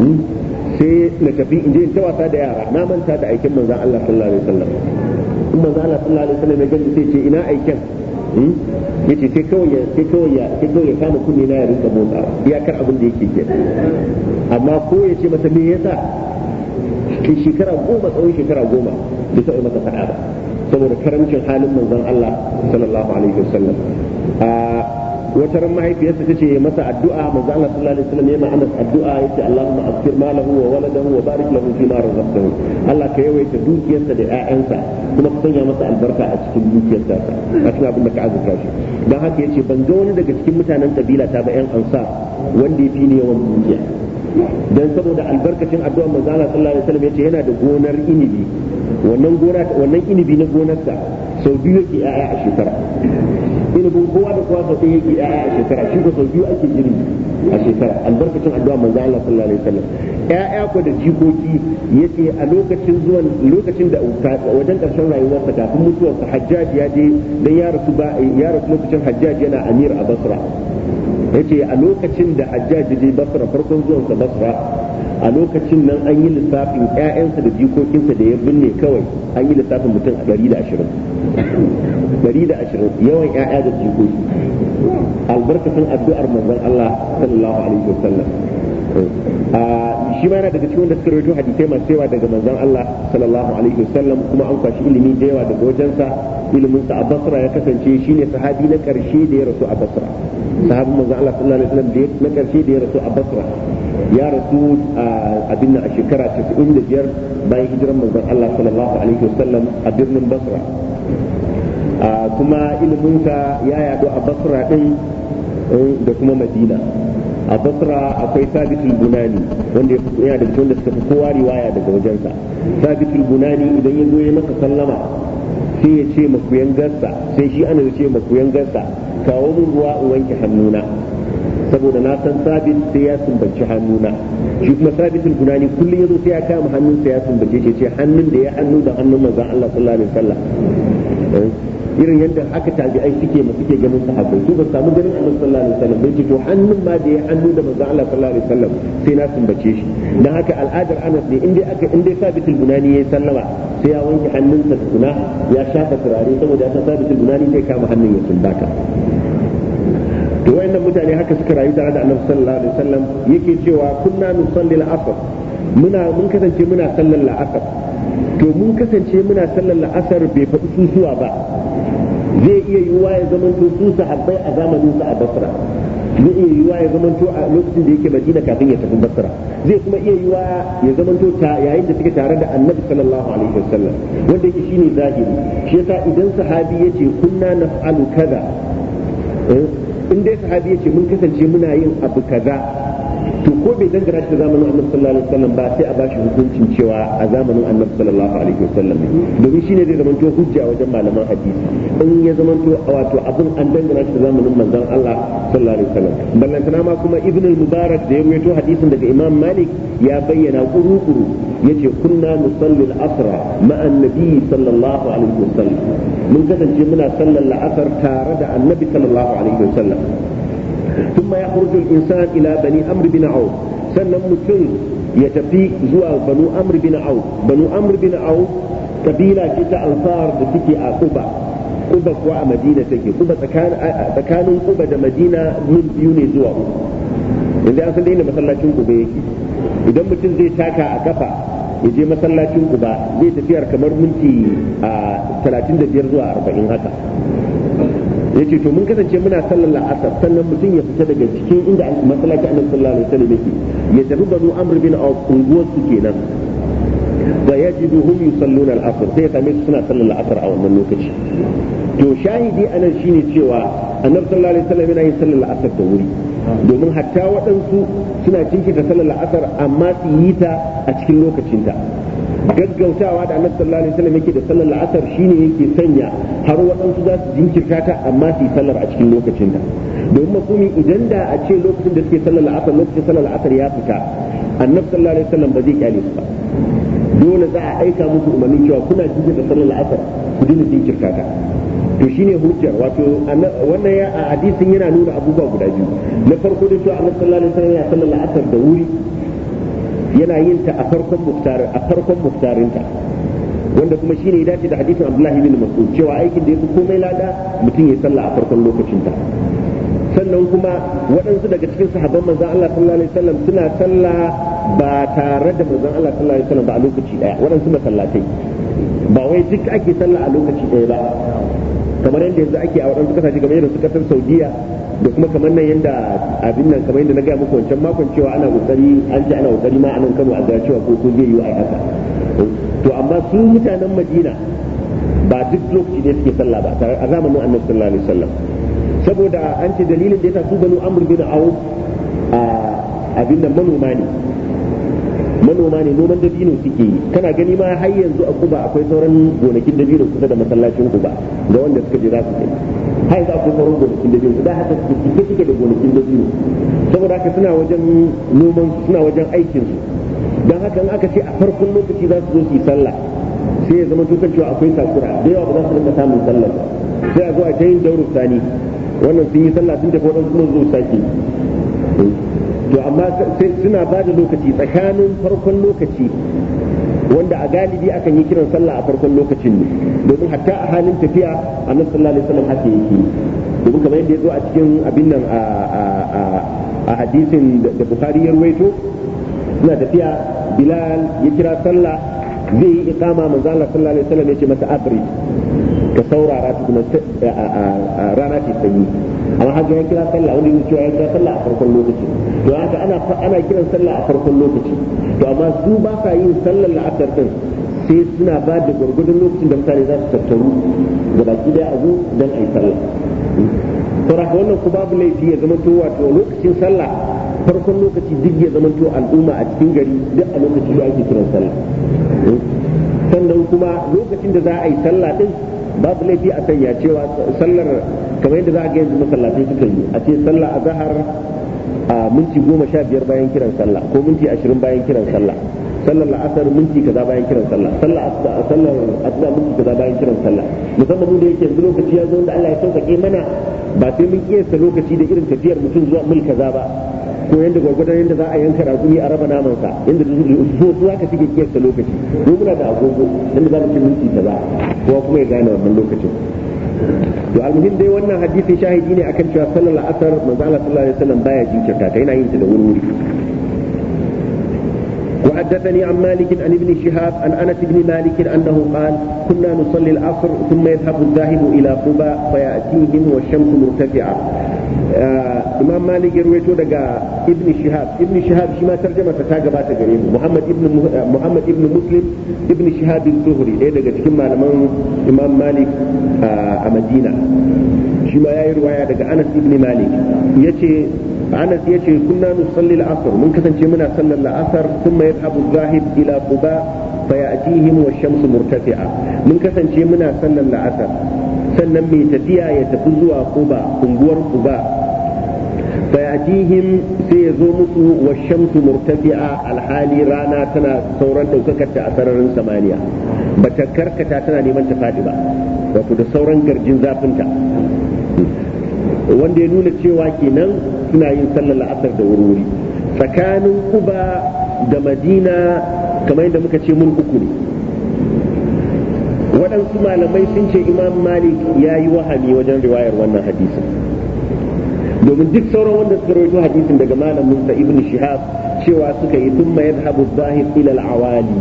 A: hmm? sai na tafi in je in ta wasa da yara na manta da aikin manzan Allah sallallahu alaihi wasallam in manzan Allah sallallahu alaihi wasallam ya gani sai ce ina aikin hmm? yace sai kawai ya sai kawai ya sai kawai ya kama kunne na ya rinka motsa iyakar abin da yake ke amma ko ya ce masa me yasa ki shekara goma tsawon shekara goma bai taɓa masa faɗa ba saboda karamcin halin manzan Allah sallallahu alaihi wasallam ah, wata ran mahaifiyarsa tace masa addu'a manzo Allah sallallahu alaihi wasallam yayin Anas addu'a yace Allahumma askir malahu wa waladahu wa barik lahu fi ma razaqtahu Allah ka yawaita dukiyarsa da ƴaƴansa kuma ka sanya masa albarka a cikin dukiyarsa a cikin abin da ka azurta shi dan haka yace ban ga wani daga cikin mutanen kabila ta ba ƴan ansar wanda ya fi ni yawan dukiya dan saboda albarkacin addu'a manzo Allah sallallahu alaihi wasallam yace yana da gonar inibi wannan gona wannan inibi na gonarsa sau biyu yake yaya a shekara bin kowa da kowa sau ɗaya yake yaya a shekara shi ko sau biyu ake girbi a shekara albarkacin addu'a manzo Allah sallallahu alaihi wasallam yaya ko da jikoki yace a lokacin zuwan lokacin da wajen karshen rayuwarsa kafin mutuwarsa Hajjaj ya je dan ya rasu ba ya rasu lokacin Hajjaj yana amir a Basra yace a lokacin da Hajjaj je Basra farkon zuwansa Basra a lokacin nan an yi lissafin 'ya'yansa da jikokinsa da ya binne kawai an yi lissafin mutum a 120 dari da ashirin yawan yaya da jikoki albarkacin addu'ar manzon Allah sallallahu alaihi wasallam shi ma yana daga cikin wanda suka rawaito hadisai masu yawa daga manzon Allah sallallahu alaihi wasallam kuma an kwashi ilimi da yawa daga wajensa ilimin sa a Basra ya kasance shine sahabi na karshe da ya rasu a Basra sahabin manzon Allah sallallahu alaihi wasallam na karshe da ya rasu a Basra ya rasu a nan a shekara 95 bayan hijiran manzon Allah sallallahu alaihi wasallam a birnin Basra kuma ilimin sa ya yaɗu a Basra din da kuma madina a basra akwai sabitul bunani wanda yana da wanda suka fi kowa riwaya daga wajensa sabitul bunani idan ya zo ya maka sallama sai ya ce makuyan gassa sai shi ana ce makuyan gassa kawo min ruwa in wanke hannuna saboda na san sabit sai ya sumbaci hannuna shi kuma sabitul bunani kullum ya zo sai ya kama hannunsa ya sumbace shi ce hannun da ya hannu da hannun manzon Allah sallallahu alaihi wasallam eh? irin yadda aka tabi'ai suke ma suke ganin sahabbai su ba samu ganin annabi sallallahu alaihi wasallam bai to hannun ma da ya hannu da manzon Allah sallallahu alaihi wasallam sai na sumbace shi dan haka al'adar Anas ne in dai aka in dai sabitul bunani yayi sallama sai ya wanke hannunsa tukuna ya shafa turare saboda ta sabitul bunani zai kama hannun ya sumbata to wayannan mutane haka suka rayu tare da annabi sallallahu alaihi wasallam yake cewa kunna nusalli al-asr muna mun kasance muna sallar la'asar to mun kasance muna sallar la'asar bai faɗi susuwa ba zai iya yiwuwa ya zamanto su sahabbai a zamanin sa a basra zai iya yiwuwa ya zamanto a lokacin da yake madina kafin ya tafi basra zai kuma iya yiwuwa ya zamanto yayin da suke tare da annabi sallallahu alaihi wasallam wanda yake shine zahiri shi yasa idan sahabi yace kunna naf'alu kaza eh, in dai sahabi yace mun kasance muna yin abu kaza to ko bai dangana shi da zamanin annabi sallallahu alaihi wasallam ba sai a bashi hukuncin cewa a zamanin annabi sallallahu alaihi wasallam ne domin shine zai zamanto hujja wajen malaman hadisi in ya zamanto wato abin an dangana shi da zamanin manzon Allah sallallahu alaihi wasallam ballantana ma kuma ibn al-mubarak da ya rawaito hadisin daga imam malik ya bayyana kuru-kuru yace kunna nusalli al-asra ma'a an sallallahu alaihi wasallam mun kasance muna sallar la'asar tare da annabi sallallahu alaihi wasallam thumma yakhruju al-insan ila bani amr bin auf sannan mutum ya tafi zuwa banu amr bin auf banu amr bin auf kabila ce ta ansar da take a quba quba kuwa a madina take quba tsakanin quba da madina mil biyu ne zuwa uku yanzu an san daina masallacin quba yake idan mutum zai taka a kafa ya je masallacin quba zai tafiyar kamar minti a 35 zuwa 40 haka yace to mun kasance muna sallar la'asar sannan mutum ya fita daga cikin inda masallaci annabi sallallahu alaihi wasallam yake ya tafi banu amr bin aw nan. su kenan fa yajiduhum yusalluna al-asr sai same su suna sallar la'asar a wannan lokaci to shahidi anan shine cewa annabi sallallahu alaihi wasallam yana yin sallar la'asar da wuri domin hatta waɗansu suna cinkita sallar la'asar amma su yi ta a cikin lokacinta gaggautawa da annabi sallallahu alaihi wasallam yake da sallar la'asar shine yake sanya har waɗansu za su jinkirta ta amma su yi sallar a cikin lokacin da domin mafumi idan da a ce lokacin da suke sallar la'asar lokacin sallar la'asar ya fita annabi sallallahu alaihi wasallam ba zai kyale su ba dole za a aika musu umarni cewa kuna jinkirta sallar la'asar ku dinga jinkirta ta to shine hujjar wato wannan ya a hadisin yana nuna abubuwa guda biyu na farko da cewa annabi sallallahu alaihi wasallam ya sallar la'asar da wuri yana yin ta a farkon muftarin a farkon muftarinta wanda kuma shine ya dace da hadisin Abdullahi bin Mas'ud cewa aikin da yafi komai lada mutum ya sallah a farkon lokacinta sannan kuma waɗansu daga cikin sahabban manzon Allah sallallahu alaihi wasallam suna sallah ba tare da manzon Allah sallallahu alaihi wasallam ba a lokaci daya waɗansu masallatai ba wai duk ake sallah a lokaci daya ba kamar yadda yanzu ake a waɗansu kasashe kamar yadda su kasar Saudiya da kuma kamar nan yanda abin nan kamar yadda na gaya muku wancan makon cewa ana kokari an ji ana kokari ma anan Kano a ga cewa ko ko zai yi wa haka to amma su mutanen Madina ba duk lokaci ne suke sallah ba a zamanin Annabi sallallahu alaihi wasallam saboda an ce dalilin da yasa su banu Amr bin a abin nan manoma ne manoma ne noman dabino suke yi kana gani ma har yanzu a Kuba akwai sauran gonakin dabino kusa da masallacin Kuba da wanda suka je za su kai har za ku faro gonakin da biyu da haka su suke suke da gonakin da biyu saboda haka suna wajen noman suna wajen aikin su dan haka in aka ce a farkon lokaci za su zo su yi sallah sai ya zama tukan cewa akwai takura da yawa ba za su rinka samun sallah sai a zo a ta yin dauru sani wannan sun yi sallah sun tafi wadansu sun zo sake to amma suna ba da lokaci tsakanin farkon lokaci wanda a galibi akan yi kiran sallah a farkon lokacin ne domin hatta a halin tafiya nan sallah alaihi wasallam haka yake domin kamar yadda ya zo a cikin abin nan a hadisin da bukari ya rawaito suna tafiya bilal ya kira sallah zai yi iqama manzo Allah sallallahu alaihi wasallam ya ce masa abri ka saurara tukuna rana ce sanyi amma haka ya kira sallah wanda yake cewa ya kira sallah a farkon lokaci to haka ana ana kiran sallah a farkon lokaci to amma su ba sa yin sallar la'asar din sai suna ba da gwargwadon lokacin da mutane za su tattaru da baki daya a zo don a yi sallar. saboda wannan ku babu laifi ya zama to wato lokacin sallah farkon lokaci duk ya zama to al'umma a cikin gari duk a lokacin da ake kiran sallah sannan kuma lokacin da za a yi sallah din babu laifi a sanya cewa sallar kamar yadda za a ga yanzu masallatai suka yi a ce sallah a zahar a minti goma sha biyar bayan kiran sallah ko minti ashirin bayan kiran sallah sallar la'asar minti kaza bayan kiran sallah sallar sallar asuba minti kaza bayan kiran sallah musamman mu da yake yanzu lokaci ya zo da Allah ya sauƙaƙe mana ba sai mun kiyasta lokaci da irin tafiyar mutum zuwa mil kaza ba ko yanda gwargwadon yanda za a yanka razumi a raba naman sa yanda zuwa su ka fike kiyasta lokaci ko muna da agogo yanda za mu ci minti kaza kuma kuma ya gane wannan lokacin to almuhim dai wannan hadisi shahidi ne akan cewa sallar asar manzo Allah sallallahu alaihi wasallam baya jinkirta ta yana yin ta da wuri وحدثني عن مالك عن ابن شهاب عن انس بن مالك انه قال كنا نصلي العصر ثم يذهب الذاهب الى قبى فياتيهم والشمس مرتفعه آه امام مالك يرويته دغا ابن شهاب ابن شهاب شما ترجمه ta gabata gare mu Muhammad ibn Muhammad ibn Muslim ibn Shihab az-Zuhri ɗaya daga cikin malaman Imam Malik a Madina shi ma yayi waya daga Anas ibn Malik yace anas ya ce kunna nusalli al-asr mun kasance muna sallar al-asr thumma yadhabu zahid ila quba fayatihim wa shamsu murtafi'a mun kasance muna sallar al-asr sannan mai tafiya ya tafi zuwa quba unguwar quba fayatihim sai ya zo musu wa shamsu murtafi'a alhali rana tana sauran daukakar ta a sararin samaniya bata karkata tana neman ta fadi ba wato da sauran garjin zafinta wanda ya nuna cewa kenan suna yin sallar la'asar da wuri tsakanin kuba da madina kamar yadda muka ce mun uku ne waɗansu malamai sun ce imam malik ya yi wahami wajen riwayar wannan hadisin domin duk sauran wanda suka rawaito hadisin daga malamin sa ibn shihab cewa suka yi tun mayar Habu ila ilal awali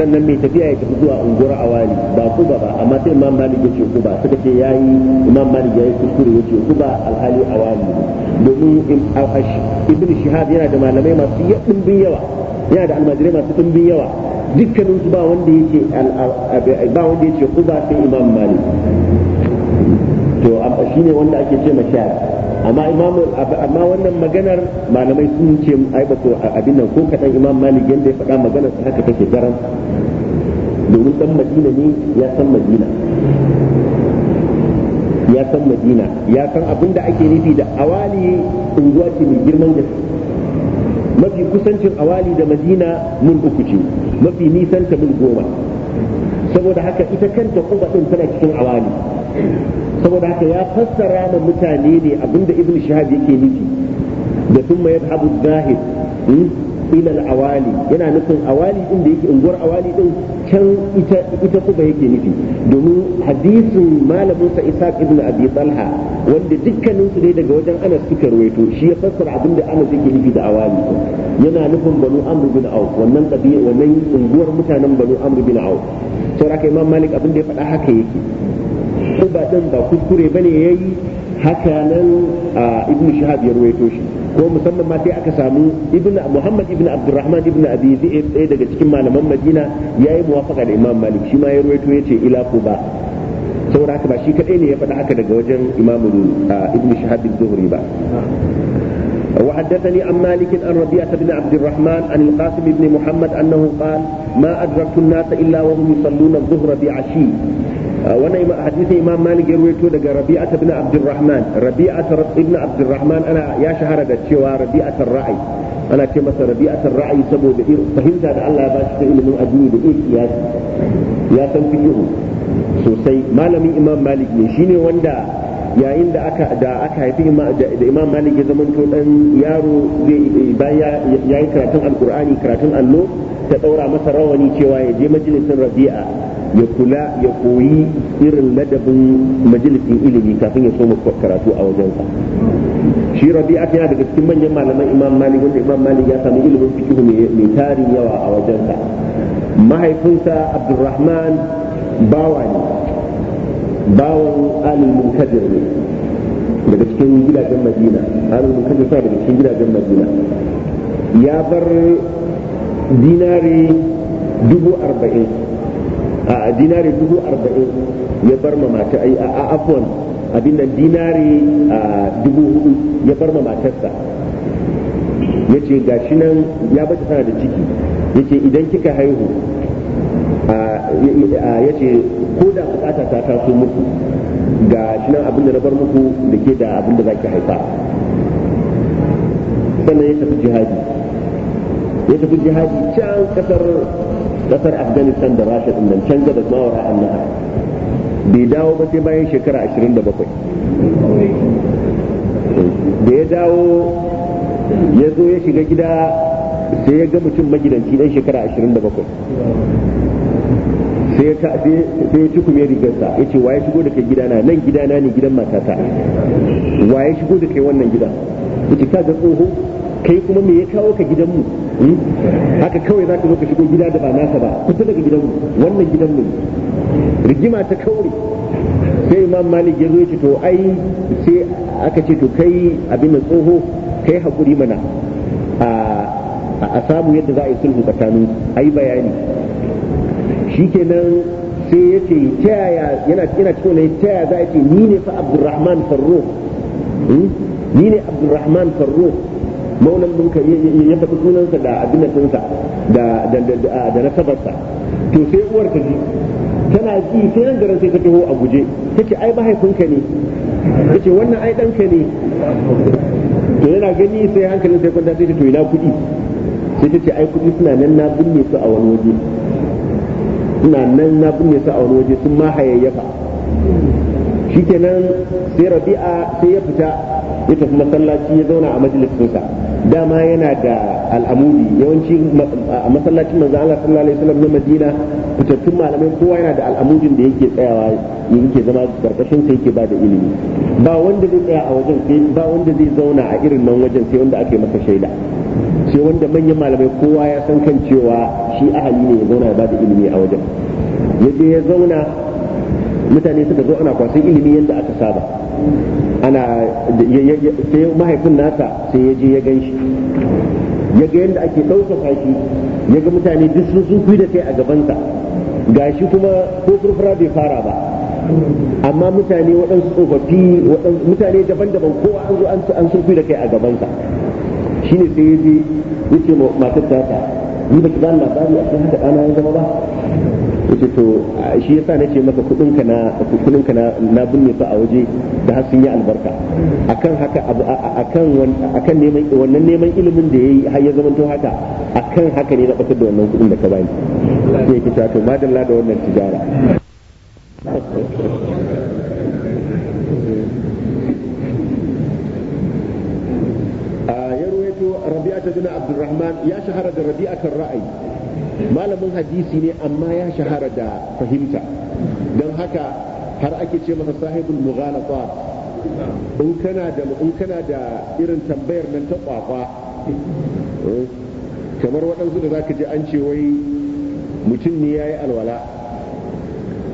A: sannan mai tafiya ya tafi zuwa unguwar awali ba kuba ba amma sai imam malik yace kuba suka ce yayi imam malik yayi kuskure yace kuba alhali awali domin ibn shihab yana da malamai masu dimbin yawa yana da almajirai masu dimbin yawa dukkanin su ba wanda yace ba wanda yace kuba sai imam malik to amma shine wanda ake ce ma amma imam amma wannan maganar malamai sun ce ai ba ko abin nan ko kadan imam malik yanda ya faɗa maganar sa haka take garan domin dan madina ne ya san madina ya san madina ya san abin da ake nufi da awali unguwa ce mai girman gaske mafi kusancin awali da madina mun uku ce mafi nisan ta mun goma saboda haka ita kanta kuma din tana cikin awali saboda haka ya fassara ma mutane ne abinda ibn shahab yake nufi da sun mayar abu zahir hmm, ilal awali yana nufin awali din da yake unguwar awali din can ita kuma yake nufi domin hadisin malamin sa isaac ibn abi talha wanda dukkanin su ne daga wajen anas suka ruwaito shi ya fassara abin da anas yake nufi da awali yana nufin banu amr bin auf wannan qabiya wannan unguwar mutanen banu amr bin auf saboda imam malik abin da ya faɗa haka yake ba din ba kuskure bane yayi haka nan ibn shahab ya ruwaito shi ko musamman ma sai aka samu ibn muhammad ibn abdurrahman ibn abi zaid ɗaya daga cikin malaman madina yayi muwafaqa da imam malik shi ma ya ruwaito yace ila ba saboda haka ba shi kadai ne ya faɗa haka daga wajen imam ibn shahab az-zuhri ba وحدثني عن مالك عن ربيعة بن عبد الرحمن عن القاسم بن محمد أنه قال ما أدركت الناس إلا وهم يصلون الظهر بعشي wannan hadisin imam malik ya ruwaito daga rabi'at ibn abdurrahman rabi'at ibn abdurrahman ana ya shahara da cewa rabi'at ra'ayi ana ce masa rabi'at ra'ayi saboda fahimta da Allah ya ba shi ta ilimin addini da iya ya san fiqhu sosai malamin imam malik ne shine wanda yayin da aka da aka haifi da imam malik ya zamanto dan yaro zai bayan yayin karatun alqur'ani karatun allo ta daura masa rawani cewa ya je majalisin rabi'a ya kula ya koyi irin ladabin majalisin ilimi kafin ya soma karatu a wajensa shi a yana daga cikin manyan malaman imam malik wanda imam malik ya samu ilimin fikihu mai tarin yawa a wajensa mahaifinsa abdurrahman bawa ne bawan alil kadir ne daga cikin gidajen madina alil kadir sa daga cikin gidajen madina ya bar dinari dubu arba'in a dinari dubu arba'in ya bar ma mata a afwan abin nan dinari dubu hudu ya bar ma matarsa ya ce gashi nan ya bata tana da ciki ya ce idan kika haihu ya ce ko da bukata ta taso muku ga shi nan abin da na bar muku da ke da abin da za ki haifa sannan ya tafi jihadi ya tafi jihadi can kasar kasar afghanistan da rasha din nan canja da mawara an nahar bai dawo ba sai bayan shekara 27 da ya dawo ya zo ya shiga gida sai ya ga mutum magidanci dan shekara 27 sai ya cikume rigarsa ya ce wa ya shigo da kai gidana nan gidana ne gidan matata wa ya shigo da kai wannan gidan ya ce ka ga tsoho kai kuma me ya kawo ka gidanmu Hmm? haka kawai za ka zo ka shigo gida da ba nasa ba kusa daga gidanmu wannan gidanmu rigima ta kawai sai imam malik ya zo ya ce to ai sai aka ce to kai abin da tsoho kai hakuri mana a samu yadda za a yi sulhu tsakanin a yi bayani shikenan sai ya ce ta yana yana cikin wani ta yaya za a ce ni ne fa abdurrahman farro hmm? ni ne abdurrahman farro maulan munka ya faɗi sunansa da abin da da da to sai uwar ta ji tana ji sai nan garin sai ta taho a guje ce ai mahaifinka ne ce wannan ai ɗanka ne to yana gani sai hankalin sai kwanta sai ta to ina kuɗi sai ta ce ai kuɗi suna nan na binne su a wani waje suna nan na binne su a wani waje sun ma hayayyafa shikenan sai rabi'a sai ya fita ya tafi masallaci ya zauna a majalisinsa dama yana da al'amudi yawanci a masallacin manzo Allah sallallahu alaihi wasallam na Madina fitattun malamai kowa yana da al'amudin da yake tsayawa yake zama karkashin sa yake ba da ilimi ba wanda zai tsaya a wajen sai ba wanda zai zauna a irin nan wajen sai wanda ake masa shaida sai wanda manyan malamai kowa ya san kan cewa shi ahali ne ya zauna ya ba da ilimi a wajen yaje ya zauna mutane suka zo ana kwasan ilimi yadda aka saba ana sai mahaifin nasa sai ya je ya gan shi ya ga yadda ake ɗaukaka shi ya ga mutane duk sun sunkuyi da kai a gabansa ga shi kuma ko furfura bai fara ba amma mutane waɗansu tsofaffi mutane daban-daban kowa an zo an da kai a gabansa ne sai ya je ya ce matar ta ni ba ki ba labari a cikin haka ɗana ya zama ba yace to shi yasa nace maka kudin ka na kudin ka na na binne su a waje da har sun yi albarka akan haka akan akan neman wannan neman ilimin da yayi har ya zama to haka akan haka ne na bata da wannan kudin da ka bani sai yake cewa to madalla da wannan tijara ya ruwaito rabi'ata bin abdurrahman ya shahara da rabi'a kan ra'ayi malamin hadisi ne amma ya shahara da fahimta don haka har ake ce masa sahibul mughalafa in kana da in kana da irin tambayar nan ta kwakwa eh, kamar waɗansu da zaka ji an ce wai mutum ne yayi alwala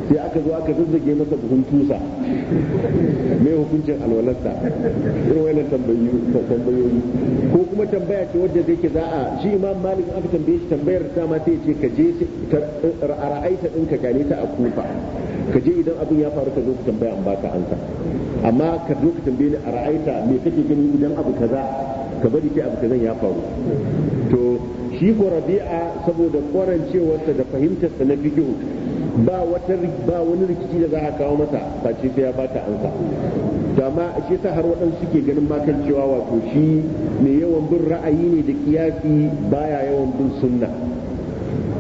A: sai aka zo aka zazzage masa buhun tusa mai hukuncin alwalarsa irin wannan tambayoyi ko kuma tambaya ce wadda zai ke za a shi imam malik aka tambaye shi tambayar ta ma sai ce ka je a ra'aita din ka gane ta a kufa ka je idan abin ya faru ka zo ka tambaya an baka ansa amma ka zo ka tambaye ni a ra'aita me kake gani idan abu kaza ka bari ke abu kazan ya faru to shi ko rabi'a saboda kwarancewarsa da fahimtarsa na fikihu ba wani rikici da za a kawo masa face sai ya bata ansa dama shi ta har waɗansu suke ganin makan cewa wato shi mai yawan bin ra'ayi ne da kiyasi baya yawan bin sunna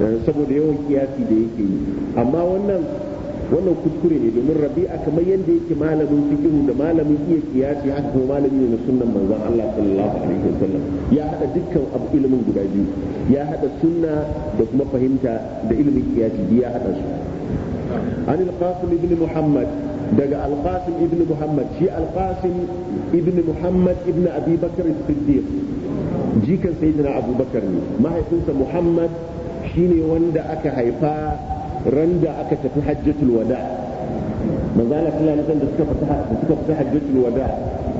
A: eh, saboda yawan kiyasi da yake yi amma wannan wannan kuskure ne domin rabi'a kamar yadda yake malamin fikihu da malamin iya kiyasi haka kuma malami ne na sunnan manzon Allah sallallahu alaihi wasallam ya hada dukkan abu ilimin guda biyu ya hada sunna da kuma fahimta da ilimin kiyasi ya hada su an al-qasim ibn muhammad daga al-qasim ibn muhammad shi al-qasim ibn muhammad ibn abi bakr as-siddiq jikan sayyidina abubakar ne mahaifinsa muhammad shine wanda aka haifa randa aka tafi hajjatul wada manzala sallallahu alaihi da suka fita da suka fita hajjatul wada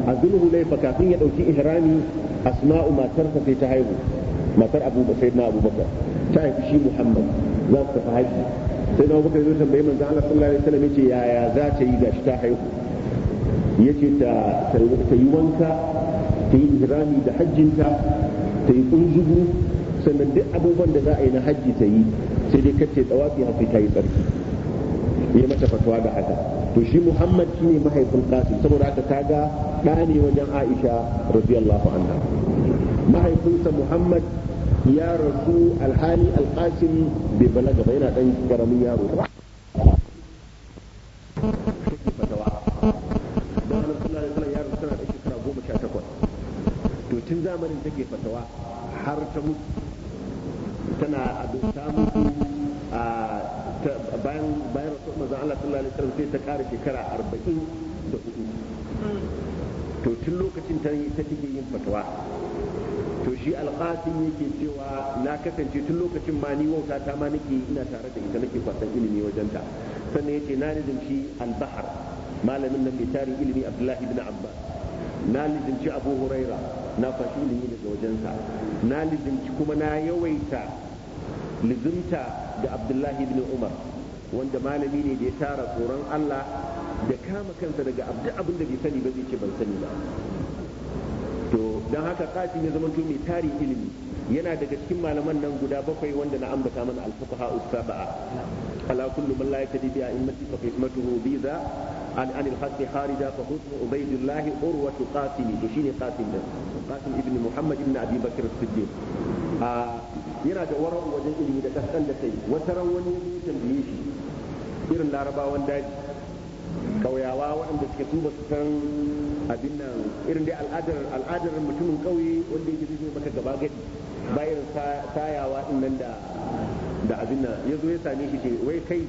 A: a zulhulaifa kafin ya dauki ihrami asma'u matar sai ta haihu matar abu sayyidina abubakar ta haifi shi muhammad za su tafi haji sai na abubakar zai tambayi manzo Allah sallallahu alaihi wasallam yace yaya za ta yi gashi ta haihu yace ta ta yi wanka ta yi ihrami da hajjinta ta yi kunzugu sannan duk abubuwan da za a yi na hajji ta yi sai dai kace tsawafi har sai ta yi tsarki ya mata fatuwa da haka to shi Muhammad ne mahaifin Qasim saboda haka kaga ɗa ne wajen Aisha radiyallahu anha mahaifinsa Muhammad ya rasu alhali alqasim bai balaga ba yana ɗan karamin yaro tun zamanin take fatawa har ta mutu suna abinta musu a bayan bayan mazan manzon Allah sallallahu alaihi wasallam sai ta kara shekara arba'in da hudu to tun lokacin ta ta take yin fatawa to shi alqasim yake cewa na kasance tun lokacin ma ni wauta ta ma nake ina tare da ita nake kwasan ilimi wajen ta sannan yace na nizinci al-bahr malamin nan mai tarin ilimi Abdullahi ibn Abbas na lizinci Abu Huraira na fashi ilimi daga wajensa na lizinci kuma na yawaita lizimta da abdullahi ibn umar wanda malami ne da ya tara tsoron allah da kama kansa daga abdu abin da bai sani ba zai ce ban sani ba to don haka qasim ya zama mai tarin ilimi yana daga cikin malaman nan guda bakwai wanda na ambata mana al-fuqaha us-sab'a ala kullu man la yakdi bi a'immati bi عن عن الحق خارجا فحسن عبيد الله عروة قاسم وشيني قاسم ده قاسم ابن محمد ابن أبي بكر الصديق yana da wara wajen ilimi da kasan da kai wata ran wani ya shi irin larabawan daji kauyawa waɗanda suke tuba su san abin nan irin dai al'adar al'adar mutumin ƙauye wanda ya zai maka gaba gadi bayan sayawa din nan da da abin nan ya zo ya same shi ce wai kai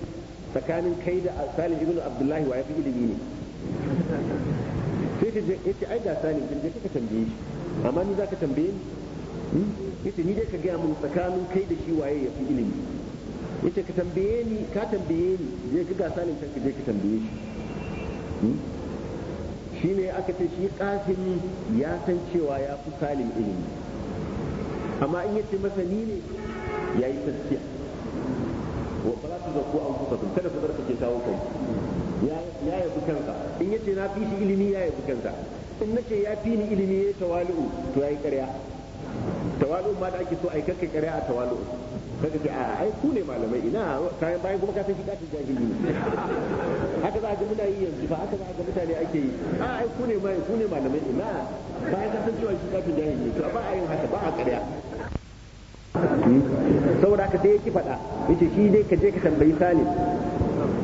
A: tsakanin kai da salim ibn abdullahi wa ya fi ilimi ne sai ta ya ce ai ga salim bin je ka tambaye shi amma ni za ka tambaye ni hmm? yace ni dai ka gaya mun tsakanin kai da shi waye ya fi ilimi yace ka tambaye ni ka tambaye ni je ka ga salim kan ka je ka tambaye shi hmm? shi ne aka ce shi kasim ya san cewa ya fi salim ilimi amma in yace masa ni ne ya yi ko fala tu zakku anfusakum kada ku zarka ke kawo kai ya ya yabi kansa in yace na fi shi ilimi ya yabi kansa in nace ya fi ni ilimi ya tawali'u to yayi ƙarya tawali'u ma da ake so a ai karka ƙarya a tawali'u kaga ce a ai ku ne malamai ina kayan bayan kuma ka san shi da jahili
C: [LAUGHS]
A: haka za ga muna yi yanzu ba haka za ga mutane ake yi a ai ku ne mai ku ne malamai ina bayan ka san cewa shi da jahili to ba a yin haka ba a ƙarya saboda haka sai ki faɗa yace shi dai ka je ka tambayi salim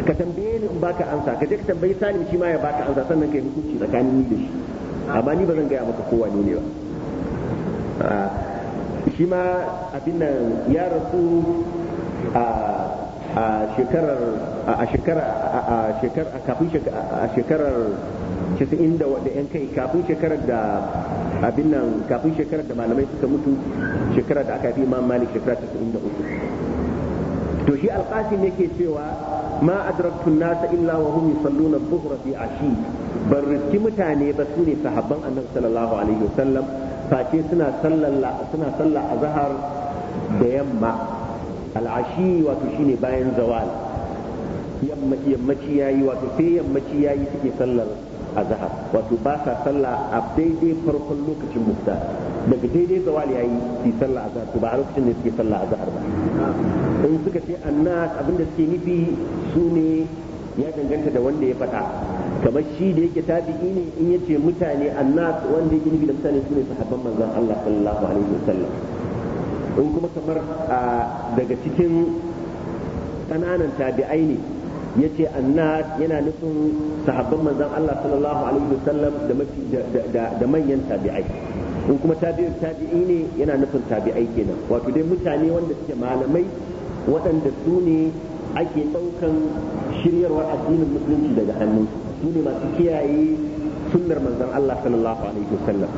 A: ka tambaye ni in baka ansa ka je ka tambayi salim shi ma ya baka ansa sannan kai hukunci tsakanin ni da shi amma ni ba zan gaya maka kowa ne ba shi ma abin nan ya rasu a shekarar a shekarar a shekarar kafin a shekarar 90 da wadda yan kai kafin shekarar da abin nan kafin shekarar da malamai suka mutu shekarar da aka fi imam malik shekarar 93 to shi alqasim yake cewa ma adraktu nasa illa wa hum yusalluna adh-dhuhra fi ashi ban riski mutane ba su ne sahabban annabi sallallahu alaihi wasallam face suna sallar suna sallar azhar da yamma al'ashi wato shine bayan zawal yammaci yammaci yayi wato sai yammaci yayi suke sallar azhar wato ba sa sallah a daidai farkon lokacin mufta daga daidai zawal yayi su sallah azhar to ba a lokacin da suke sallah azhar ba in suka ce annas abinda suke nufi su ne ya danganta da wanda ya faɗa kamar shi da yake tabi'i ne in yace mutane annas wanda yake nufi da mutane su ne sahabban manzon Allah sallallahu alaihi wasallam in kuma kamar ah, daga cikin ƙananan tabi'ai ne yace annas yana nufin sahabban manzan Allah sallallahu alaihi wasallam da manyan tabi'ai in kuma tabi'in tabi'i ne yana nufin tabi'ai kenan wato dai mutane wanda suke malamai waɗanda su ne ake ɗaukan shiryarwar addinin musulunci daga hannun su ne masu kiyaye sunnar manzan Allah sallallahu alaihi wasallam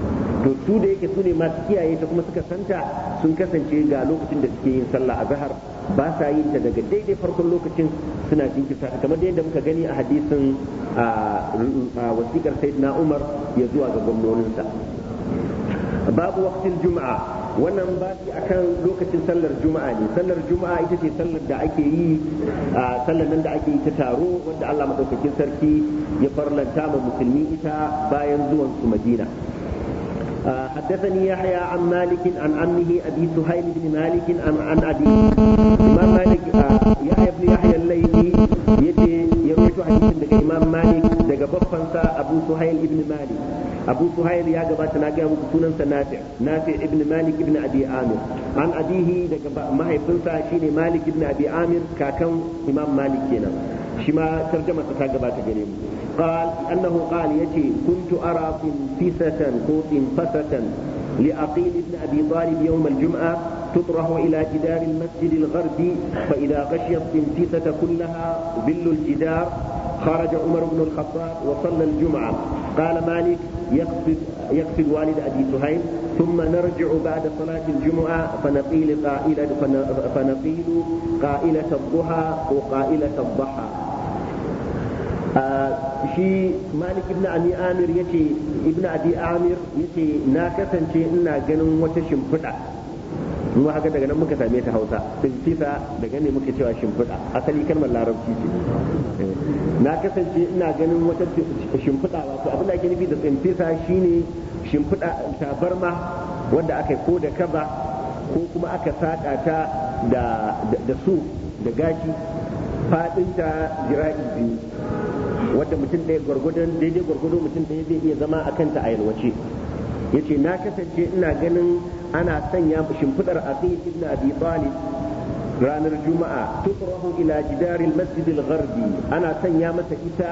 A: to su da yake su ne masu kiyaye ta kuma suka santa sun kasance ga lokacin da suke yin sallah a zahar ba sa yin ta daga daidai farkon lokacin suna jinkirta kamar da yadda muka gani a hadisin wasikar na umar ya zuwa ga gwamnoninsa babu waktin juma'a wannan ba shi kan lokacin sallar juma'a ne sallar juma'a ita ce sallar da ake yi a sallar nan da ake yi ta taro wadda Allah madaukakin sarki ya farlanta ma musulmi ita bayan zuwan su Madina حدثني يحيى عن مالك عن عمه ابي سهيل بن مالك عن عن ابي امام مالك يحيى بن يحيى الليثي يجي يروي حديث من امام مالك دغ بفنسا ابو سهيل بن مالك ابو سهيل يا غبات انا غا muku sunan ibn malik ibn abi amir an abihi daga mahaifinsa shine malik ibn abi amir kakan imam malik kenan shi ma tarjama ta gabata gare mu قال أنه قال يتي كنت أرى قنفسة قنفسة لأقيل ابن أبي طالب يوم الجمعة تطرح إلى جدار المسجد الغربي فإذا غشيت قنفسة كلها ظل الجدار خرج عمر بن الخطاب وصلى الجمعة قال مالك يقصد, يقصد والد أبي سهيل ثم نرجع بعد صلاة الجمعة فنقيل قائلة, فنقيل قائلة الضحى وقائلة الضحى shi malik ibn abi amir yace ibn abi amir yace na kasance ina ganin wata shimfiɗa mu haka daga nan muka same ta hausa fisa daga ne muka cewa shimfiɗa asali kalmar larabci ce na kasance ina ganin wata shimfiɗa wato abin da ake nufi da fisa shine shimfiɗa tabarma wanda aka yi ko da kaba ko kuma aka saɗa ta da su da gashi faɗinta jira'i biyu wadda mutum ɗaya gwargwadon daidai gwargwado mutum ɗaya zai iya zama a kanta a yalwace yace na kasance ina ganin ana sanya shimfidar yi ibn abi talib ranar juma'a tukrahu ila jidaril masjid al-gharbi ana sanya masa ita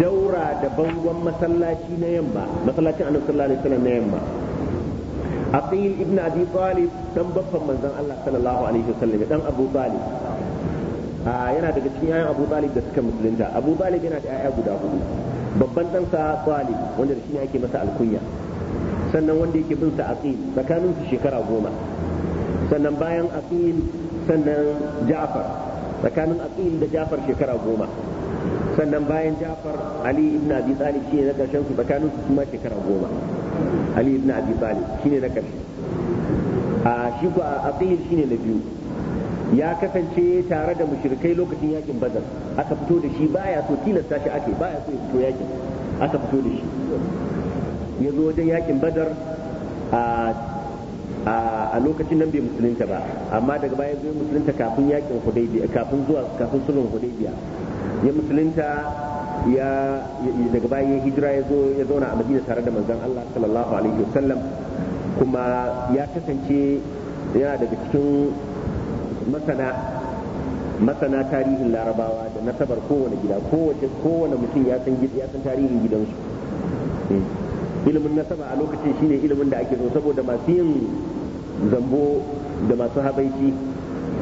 A: daura da bangon masallaci na yamma masallacin annabi sallallahu alaihi wasallam na yamma aqil ibn abi talib dan babban manzon Allah sallallahu alaihi wasallam dan abu talib yana daga cikin yayan abu talib da suka musulunta abu talib yana da yaya guda hudu babban ɗansa talib wanda da shi ne ake masa alkunya sannan wanda yake bin sa aqil tsakanin su shekara goma sannan bayan aqil sannan ja'far tsakanin aqil da ja'far shekara goma sannan bayan ja'far ali ibn abi talib ne na karshen su tsakanin su kuma shekara goma ali ibn abi talib ne na karshe a shi ko aqil ne na biyu ya kasance tare da mushrikai lokacin yakin badar aka fito da shi baya so tilasta shi ake baya so ya fito yakin aka fito da shi ya zo wajen yakin badar a lokacin nan bai musulunta ba amma daga baya zai musulunta kafin yakin hudaybiya kafin zuwa kafin sulhun hudaybiya ya musulunta ya daga baya ya hijira ya zo ya zauna a madina tare da manzon Allah sallallahu alaihi wasallam kuma ya kasance yana daga cikin masana masana tarihin larabawa da nasabar kowane gida kowace kowane mutum ya san ya san tarihin gidansu eh, ilimin nasaba a lokacin shine ilimin da ake so saboda masu yin zambo da masu habaici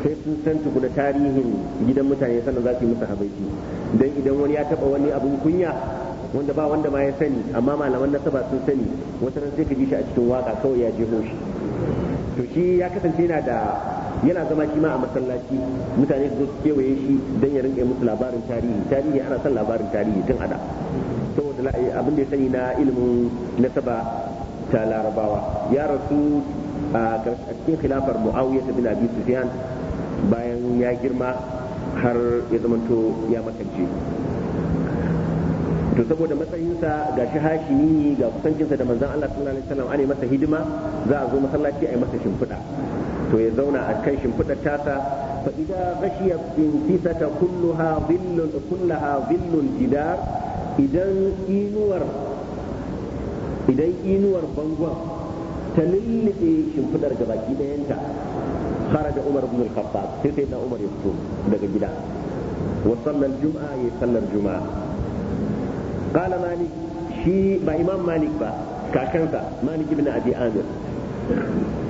A: sai sun san tukuna tarihin gidan mutane sannan za su yi musu habaici dan idan wani ya taba wani abin kunya wanda ba wanda ma ya sani amma malaman nasaba sun sani wata ran sai ka ji shi a cikin waka kawai ya jeho shi to shi ya kasance yana da yana zama shi ma a masallaci mutane su kewaye shi don ya rinke musu labarin tarihi tarihi ana son labarin tarihi tun ada saboda eh, abin da ya sani na ilimin nasaba ta larabawa ya rasu a cikin khilafar muawiya bin abi sufyan bayan ya girma har ya zamanto ya makance to saboda matsayinsa ga shi hashimi ne ga kusancinsa da manzon Allah sallallahu alaihi wasallam ane masa hidima za a zo masallaci a yi masa shimfiɗa to ya zauna a kan shimfiɗar tasa fa idza ghashiyat ta kulluha dhillun kulluha dhillul jidar idan inuwar idan inuwar bangon ta lullube shimfiɗar gabaki ɗayanta kharaja umar ibn al-khattab sai sai da umar ya fito daga gida wa sallar juma'a ya sallar juma'a qala malik shi ba imam malik ba kakansa malik ibn abi amir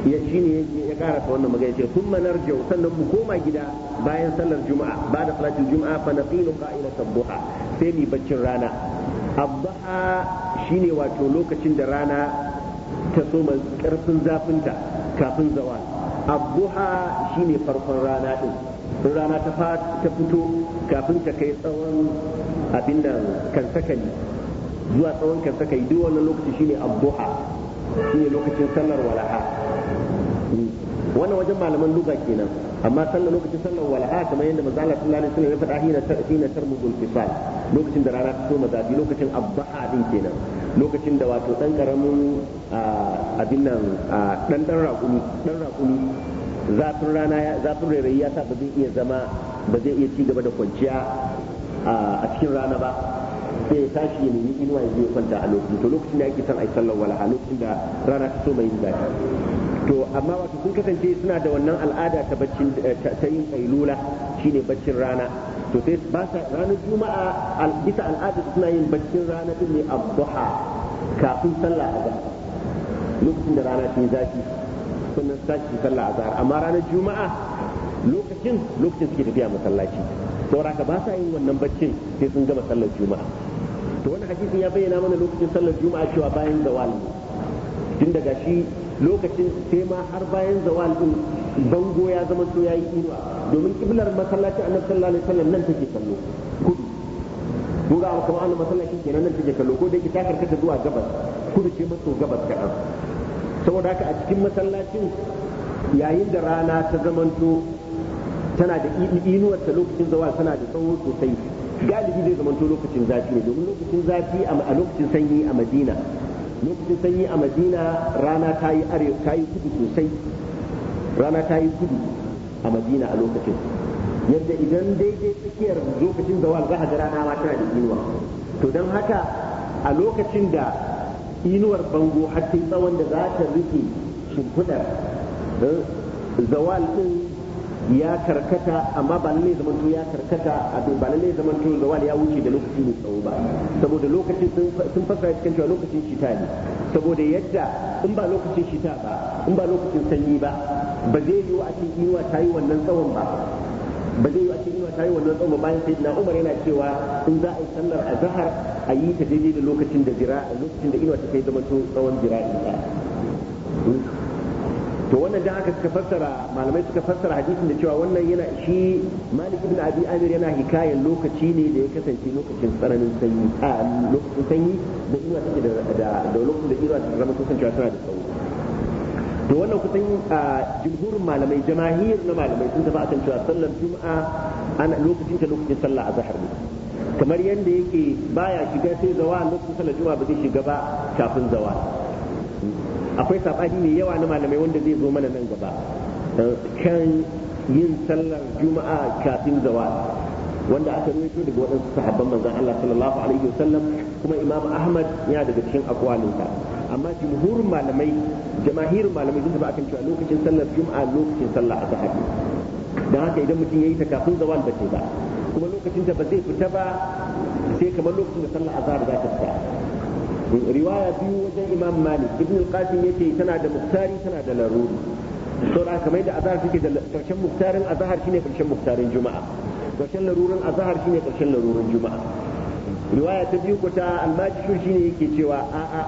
A: ya shi ne ya karata wannan magana ce sun manar jau sannan mu koma gida bayan sallar juma'a ba da salatin juma'a fa naqilu qa'ilatan duha sai mu baccin rana shi shine wato lokacin da rana ta soma karfin zafinta kafin zawal shi shine farkon rana din rana ta fito kafin ta kai tsawon abin da kan sakali zuwa tsawon kan sakali duk wannan lokaci shine abbuha shine lokacin sallar walaha wannan wajen malaman luga kenan amma sallar lokacin sallar walaha kamar yadda manzo Allah sallallahu ya faɗa hina hina tarmugul fisal lokacin da rana ta so mazabi lokacin abba'a din kenan lokacin da wato dan karamin abin nan dan dan raƙumi dan raƙumi zafin rana zafin rairayi ya sa ba zai iya zama ba zai iya ci gaba da kwanciya a cikin rana ba sai ya tashi ya nemi inuwa ya biyo kwanta a lokacin to lokacin da ake son a yi sallar wala a lokacin da rana ta so mai yin zafi to amma wato sun kasance suna da wannan al'ada ta baccin eh, ta yin kailula shine baccin rana to sai ba sa ranar juma'a bisa al'ada suna yin baccin rana din ne a duha kafin sallah a lokacin da rana ta yi zafi sannan su tashi sallah a amma ranar juma'a lokacin lokacin suke tafiya masallaci saboda ka ba sa yin wannan baccin sai sun gama sallar juma'a to wannan hadisin ya bayyana mana lokacin sallar juma'a cewa bayan zawal din daga shi lokacin sai ma har bayan zawal din bango ya zama to yayi inuwa domin kiblar masallacin annabi sallallahu alaihi wasallam nan take kallo kudu ko ga kuma annabi masallacin kenan nan take kallo ko da yake ta karkata zuwa gabas kudu ce maso gabas kaɗan saboda haka a cikin masallacin yayin da rana ta zamanto tana da inuwar ta lokacin zawal tana da tsawo sosai galibi zai to lokacin zafi ne domin lokacin zafi a lokacin sanyi a madina lokacin sanyi a madina rana ta yi ta yi kudu sosai rana ta yi kudu a madina a lokacin yadda idan daidai tsakiyar lokacin zawal za a ga rana ma tana da inuwa to don haka a lokacin da inuwar bango har sai tsawon da za ta rufe shimfidar eh, zawal din ya karkata amma ba lallai zaman to ya karkata a abin ba lallai zaman to wani ya wuce da lokaci mai tsawo ba saboda lokacin sun fasa cikin cewa lokacin shita ne saboda yadda in ba lokacin shita ba in ba lokacin sanyi ba ba zai yiwu a cikin inuwa ta yi wannan tsawon ba ba zai yiwu a cikin inuwa ta yi wannan tsawon ba bayan sai na umar yana cewa in za a yi sallar azhar a yi ta daidai da lokacin da zira lokacin da inuwa ta kai zaman to tsawon zira'i ɗaya to wannan da aka suka fassara malamai suka fassara hadisin da cewa wannan yana shi malik ibn abi amir yana hikayen lokaci ne da ya kasance lokacin tsananin sanyi a lokacin sanyi da inuwa take da da lokacin da inuwa take zama kasancewa tana da tsawo to wannan kusan jumhurin malamai jamahir na malamai sun tafi akan cewa sallar juma'a ana lokacin ta lokacin sallah azhar ne kamar yanda yake baya shiga sai zawa lokacin sallar juma'a ba zai shiga ba kafin zawa akwai sabani mai yawa na malamai wanda zai zo mana nan gaba kan yin sallar juma'a kafin zawa wanda aka rawaito daga waɗansu sahabban manzon Allah sallallahu alaihi wasallam kuma Imam Ahmad ya daga cikin akwalinsa amma jumhurin malamai jama'ir malamai duk ba akan cewa lokacin sallar juma'a lokacin sallar azhar dan haka idan mutum yayi ta kafin zawal ba ce ba kuma lokacin ta ba zai fita ba sai kamar lokacin da sallar azhar za ta fita riwaya biyu wajen imam malik ibn al-qasim yace tana da muktari tana da laruri to da kamar da azhar take da karshen muktarin azhar shine karshen muktarin juma'a karshen larurin azhar shine karshen larurin juma'a riwaya ta biyu kuta al-majishur shine yake cewa a a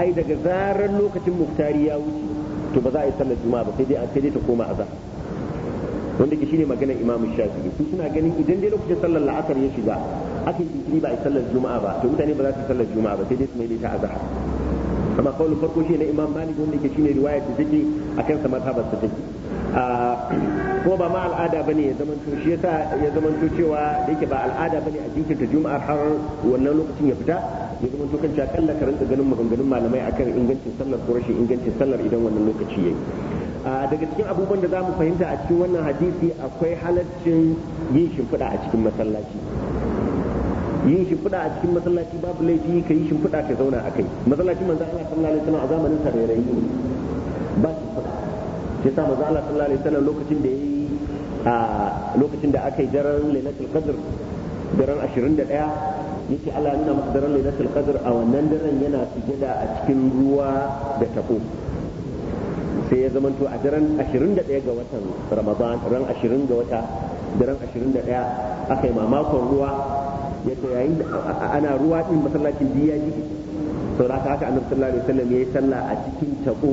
A: ai daga zarar lokacin muktari ya wuce to ba za a yi sallar juma'a ba sai dai sai dai ta koma azhar wanda ke shine maganar imam shafi'i su suna ganin idan dai lokacin sallar la'asar ya shiga aka yi ba a sallar juma'a ba to mutane ba za su sallar juma'a ba sai dai su mai ta azhar amma kawai farko shi ne imam bani wanda yake shine riwayar da take a sa mazhabar ta take kuma ba ma al'ada bane ne ya zama cewa da yake ba al'ada bane a jinkirta juma'a har wannan lokacin ya fita ya zama to kan ta kalla ka rinka ganin maganganun malamai akan ingancin sallar ko rashin ingancin sallar idan wannan lokaci yayi daga cikin abubuwan da za mu fahimta a cikin wannan hadisi akwai halaccin yin shimfiɗa a cikin masallaci yin shimfiɗa a cikin masallaci babu laifi ka yi shimfiɗa ka zauna a kai masallaci manzo Allah sallallahu alaihi wasallam a zamanin sa rairayi ne ba shimfiɗa sai sa manzo Allah sallallahu alaihi wasallam lokacin da yayi a lokacin da aka yi daren lailatul qadr daren 21 yake Allah nuna maka daren lailatul qadr a wannan daren yana sujada a cikin ruwa da tabo sai ya zamanto a daren 21 ga watan Ramadan ran 20 ga wata daren 21 aka yi mamakon ruwa yadda yayin da ana ruwa din masallacin biya ji to da haka annabi sallallahu alaihi wasallam yayi sallah a cikin tabo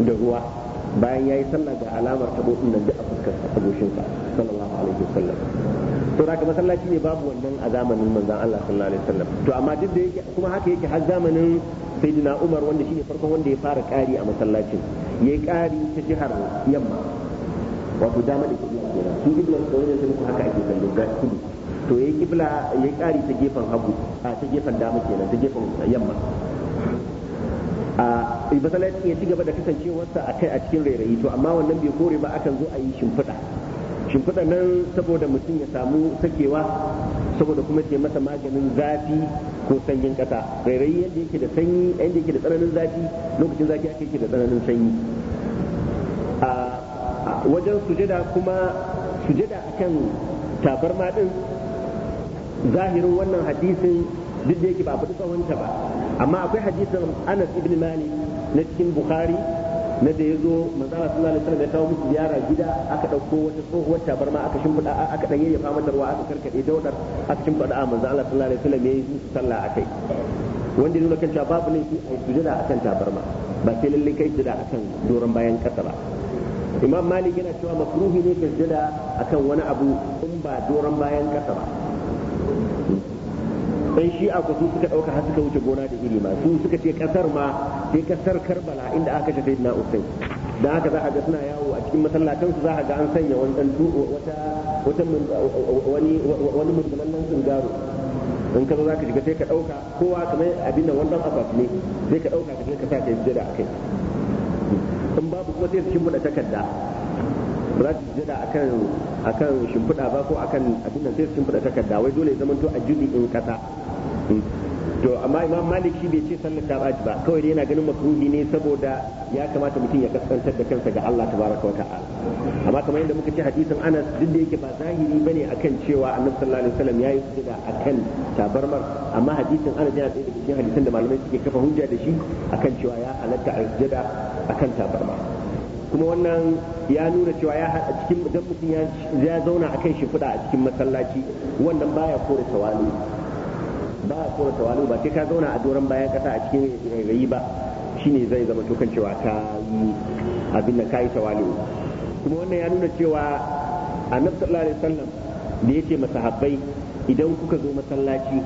A: da ruwa bayan yayi sallah ga alamar tabo din nan duk a fuskar sa sallallahu alaihi wasallam to da masallaci ne babu wannan a zamanin manzon Allah sallallahu alaihi wasallam to amma duk da yake kuma haka yake har zamanin sayyidina Umar wanda shine farkon wanda ya fara kari a masallacin yayi kari ta jihar yamma wato dama da kudi kenan su ibnu sa'id ne sun haka ake kallon ga kudu to yayi kibla ya kari ta gefen hagu a ta gefen dama kenan ta gefen yamma a ya ci gaba da kasancewarsa a kai a cikin rairayi to amma wannan bai kore ba akan zo a yi shimfiɗa shimfiɗa nan saboda mutum ya samu sakewa saboda kuma ce masa maganin zafi ko sanyin ƙasa rairayi yadda yake da sanyi yadda yake da tsananin zafi lokacin zafi ake yake da tsananin sanyi a wajen sujada kuma sujada akan tabarma din zahirin wannan hadisin duk da yake ba fi tsawonta ba amma akwai hadisin Anas ibn Malik na cikin Bukhari na da yazo manzo Allah sallallahu alaihi wasallam ya kawo musu ziyara gida aka dauko wata tsohuwar tabarma aka shimfida aka dan yayyafa mata ruwa aka karkade daudar aka shimfida a manzo Allah sallallahu alaihi wasallam yayi musu sallah akai wanda nuna kan cewa babu shi a sujada akan tabarma ba sai lalle kai sujada akan doron bayan kasa ba Imam Malik yana cewa makruhi ne ka sujada akan wani abu in ba doron bayan kasa ba sai shi a su suka ɗauka har suka wuce gona da ilima su suka ce ƙasar ma sai ƙasar karbala inda aka kashe na usai da haka za a ga suna yawo a cikin masallatan su za a ga an sanya wani dan wata wata wani wani sun tsingaro in ka zo za ka shiga sai ka ɗauka kowa kamar abin nan wannan akwati ne sai ka ɗauka ka je ka sa ka yi jira a kai in babu kuma sai su shimfiɗa takarda ba za su akan akan shimfiɗa ba ko akan abin da sai su shimfiɗa takarda wai dole zaman to a in kasa hmm. to amma imam malik shi bai ce sallar ta ba kawai dai yana ganin makruhi ne saboda ya kamata mutum ya kaskantar da kansa ga Allah tabaraka wa ta'ala amma kamar yadda muka ce hadisin Anas duk da yake ba zahiri bane akan cewa Annabi sallallahu alaihi wasallam yayi sujada akan tabarmar amma hadisin Anas yana tsaye da cikin hadisin da malamai suke kafa hujja da shi akan cewa ya halatta a sujada akan tabarmar kuma wannan ya nuna cewa ya a cikin dan mutum ya zauna a kan fuda a cikin masallaci wannan baya kore tawali ya kore tawali ba sai ka zauna a doron bayan kasa a cikin rayi ba shine zai zama to cewa ka yi abin da kai tawali kuma wannan ya nuna cewa annabi sallallahu alaihi wasallam da yace masahabbai idan kuka zo masallaci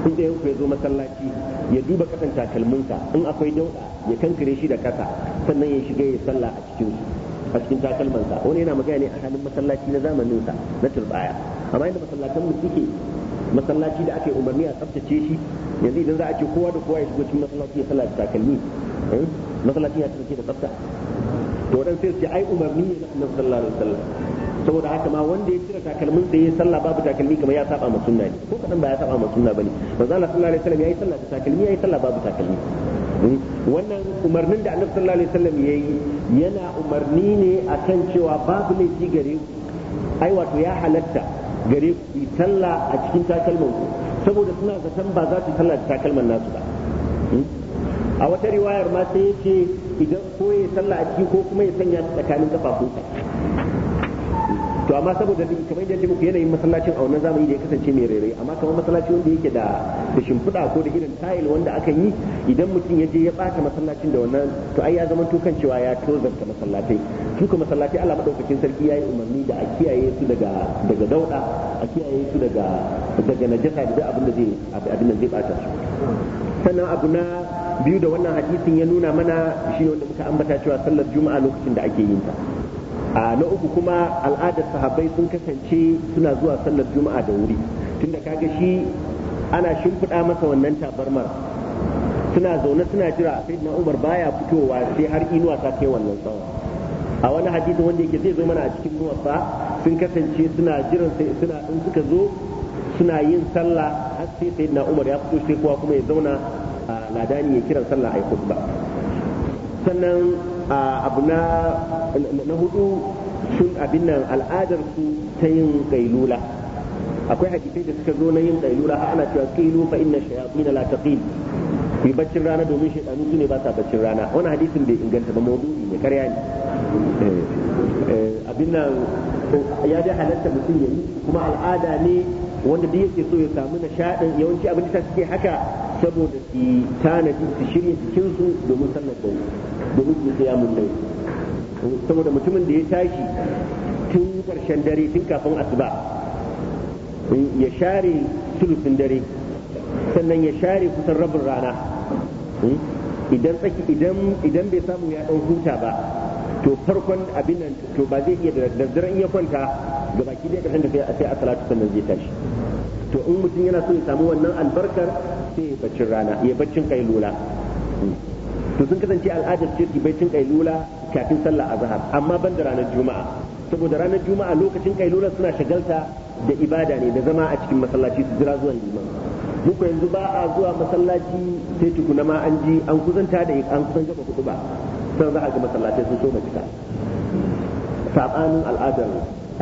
A: kun da ya zo masallaci ya duba kasan takalminka in akwai dauda ya kankare shi da kasa sannan ya shiga ya sallah a cikin su a cikin takalmansa wani yana magana ne a halin masallaci na zamanin sa na turbaya amma yadda masallatan mu suke masallaci da aka yi umarni a tsaftace shi yanzu idan za a ce kowa da kowa ya shigo cikin masallaci ya sallah da takalmi eh? masallaci ya kasance da tsafta to dan sai su ce ai umarni ne na sallallahu alaihi wasallam saboda haka ma wanda ya cire takalmin da ya sallah babu takalmi kamar ya saba ma sunna ne ko kadan ba ya saba ma sunna bane manzo Allah sallallahu alaihi wasallam yayi sallah da takalmi yayi sallah babu
C: takalmi hmm?
A: wannan umarnin da annabi sallallahu alaihi wasallam yayi yana umarni ne akan cewa babu laifi gare ku ai wato ya halatta gare ku yi sallah a cikin takalman ku saboda suna zaton ba za su sallah da takalman nasu ba hmm? a wata riwayar ma sai yace idan ko ya sallah a ciki ko kuma ya sanya tsakanin kafafunsa to amma saboda kamar yadda muku yanayin masallacin a wannan zamani da ya kasance mai rairayi amma kamar masallaci wanda yake da da shimfiɗa ko da irin tayil wanda aka yi idan mutum ya je ya bata masallacin da wannan to ai ya zama tukan cewa ya tozarta masallatai duka masallatai Allah madaukakin sarki yayi umarni da a kiyaye su daga daga dauda a kiyaye su daga daga najasa da abin da zai abin da zai bata su sannan abu na biyu da wannan hadisin ya nuna mana shi ne wanda muka ambata cewa sallar juma'a lokacin da ake yin ta a na uku kuma al'adar sahabbai sun kasance suna zuwa sallar juma'a da wuri tunda kaga shi ana shimfiɗa masa wannan tabarmar suna zaune suna jira sai na umar baya fitowa sai har inuwa ta kai wannan tsawon a wani hadisi wanda yake zai zo mana a cikin muwaffa sun kasance suna jiran sai suna in suka zo suna yin sallah har sai sai umar ya fito sai kuma ya zauna a ladani ya kiran sallah a sannan abu na hudu sun abin nan al'adar su ta yin kailula akwai hadisai da suka zo na yin kailula har ana cewa kailu fa inna shayatin la taqil yi baccin rana domin shaidanu su ne ba sa baccin rana wani hadisin bai inganta ba maudu'i ne karya ne eh, eh, abin nan ya dai halatta mutum ya kuma al'ada ne wanda duk yake so ya samu nishaɗin yawanci abin da suke haka saboda su tanadi su shirya jikinsu domin sallar dare domin su tsaya mun dai saboda mutumin da ya tashi tun ƙarshen dare tun kafin asuba ya share sulusin dare sannan ya share kusan rabin rana hmm? idan idan idan bai samu ya ɗan huta ba to farkon abin nan to ba zai iya da daren ya kwanta ga baki dai kasan da sai a salatu sannan zai tashi to in mutum yana so ya samu wannan albarkar sai ya baccin rana ya baccin kailula to sun kasance al'adar ce ki baccin kailula kafin sallah azhar amma ban da ranar juma'a saboda ranar juma'a lokacin kailula suna shagalta da ibada ne da zama a cikin masallaci su jira zuwan liman muku yanzu ba a zuwa masallaci sai tukuna ma an ji an kusanta da an kusan gaba kudu ba sai za a ga masallatai sun so fita sabanin al'adar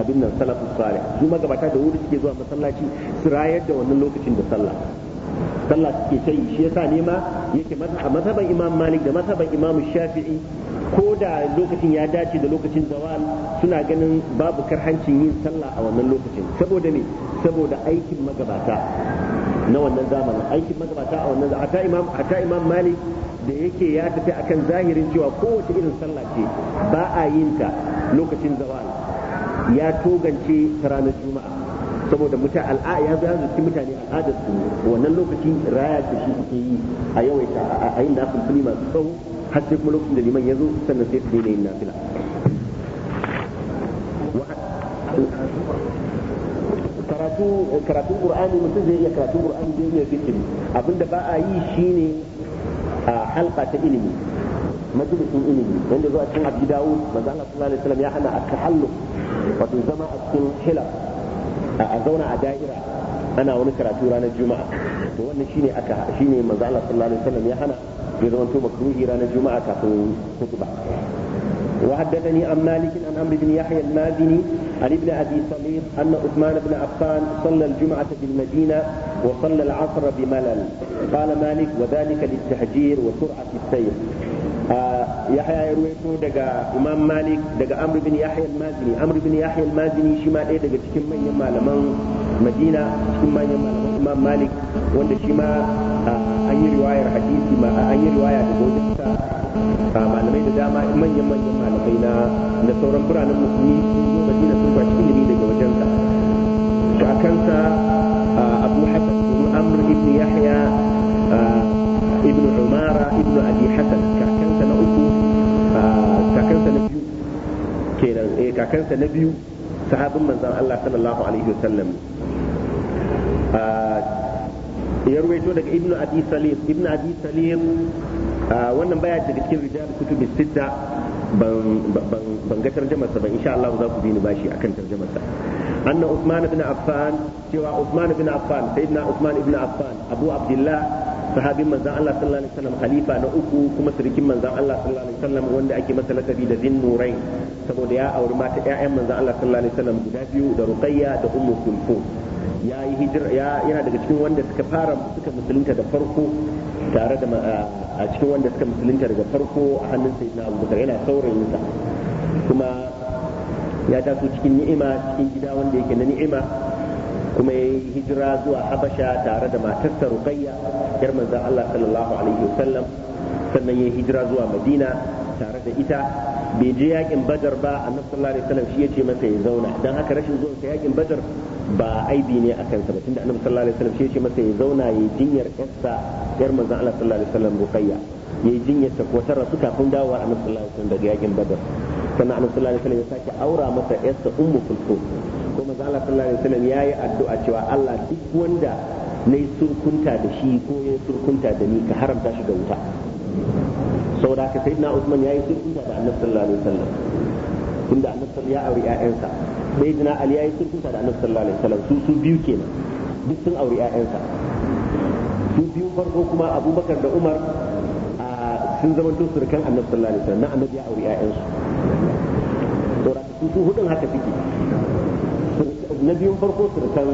A: abin nan salafus salih su magabata da wuri suke zuwa masallaci su rayar da wannan lokacin da sallah sallah suke sai shi yasa ne ma yake a mazhaban imam malik da mazhaban imam shafi'i ko da lokacin ya dace da lokacin zawal suna ganin babu karhancin yin sallah a wannan lokacin saboda ne saboda aikin magabata na wannan zamanin aikin magabata a wannan hatta imam hatta imam malik da yake ya tafi akan zahirin cewa kowace irin sallah ce ba a yin ta lokacin zawal ya togance ta ranar juma'a saboda muta al'a ya zo yanzu mutane al'adar su wannan lokaci raya ta shi suke yi a yawaita a yin nafil fili masu tsawo har sai kuma lokacin da liman ya zo sannan sai su daina yin nafila karatu karatun qur'ani mutum zai iya karatun qur'ani zai iya zikiri abinda ba a yi shine halka ta ilimi majalisin ilimi wanda zuwa cikin abu dawo manzo Allah sallallahu alaihi wasallam ya hana at-tahalluq wato zama a cikin hila a zauna a da'ira ana wani karatu ranar juma'a to wannan shine aka shine manzo Allah sallallahu alaihi wasallam ya hana ya zama to makruhi ranar juma'a kafin khutba وحدثني ni مالك عن عمرو بن يحيى المازني عن ابن ابي صليب ان عثمان بن عفان صلى الجمعه بالمدينه وصلى العصر بملل قال مالك وذلك للتهجير وسرعه السير yahya ya ruwaito daga imam malik daga amr bin yahya al-mazini amr bin yahya al-mazini shi daga cikin manyan malaman madina cikin manyan malaman imam malik wanda shi ma an yi riwayar hadisi ma a yi riwaya daga wajen sa malamai da dama manyan manyan malamai na na sauran biranen musulmi sun zo madina sun kwashi ilimi daga wajensa kakansa abu hasan ibn amr ibn yahya ibn umara ibn abi hasan kakansa na uku kakansa na biyu kenan eh kakansa na biyu sahabin manzon Allah sallallahu alaihi wasallam ya ruwaito daga ibn abi salim ibn abi salim Ah, wannan baya daga cikin rijal kutubi sitta ban ga tarjamar sa ba insha Allah za ku bi ni bashi akan tarjamar sa anna Uthman ibn Affan cewa Uthman ibn Affan sayyidina Uthman ibn Affan Abu Abdullah sahabin manzon Allah sallallahu alaihi wasallam khalifa na uku kuma sirkin manzon Allah sallallahu alaihi wasallam wanda ake masa lakabi da Zin Nurain saboda ya auri mata ƴaƴan manzon Allah sallallahu alaihi wasallam guda biyu da Ruqayya da Ummu kulfu ya yi hijira yana daga cikin wanda suka fara suka musulunta da farko tare da a cikin wanda suka musulunta daga farko a hannun sai abu abubakar yana saurayinsa kuma ya taso cikin ni'ima cikin gida wanda yake na ni'ima kuma ya yi hijira zuwa habasha tare da matarsa ruqayya yar manzon Allah sallallahu alaihi wasallam sannan ya yi hijira zuwa madina tare da ita bai je yakin badar ba annabi sallallahu alaihi wasallam shi yace masa ya zauna dan haka rashin zuwan sa yakin badar ba aibi ne a kansa ba tunda annabi sallallahu alaihi wasallam shi yace masa ya zauna ya jinyar yarsa yar manzon Allah sallallahu alaihi wasallam ruqayya yayi jinyar ta ko tara su kafin dawowar annabi sallallahu alaihi wasallam daga yakin badar sannan annabi sallallahu alaihi wasallam ya sake aura masa yarsa ummu kulthum ko manzon Allah sallallahu alaihi wasallam yayi addu'a cewa Allah duk wanda nai surkunta da shi ko ya surkunta da ni ka haramta shi ga wuta saboda haka na Usman yayi sulhu da Annabi sallallahu alaihi wasallam tunda Annabi sallallahu ya aure ƴaƴansa sayyidina Ali yayi sulhu da Annabi sallallahu alaihi wasallam su su biyu kenan duk sun aure ƴaƴansa su biyu farko kuma Abubakar da Umar a sun zama to surkan Annabi sallallahu alaihi wasallam na Annabi ya aure ƴaƴansu saboda su su hudun haka suke na biyun farko surkan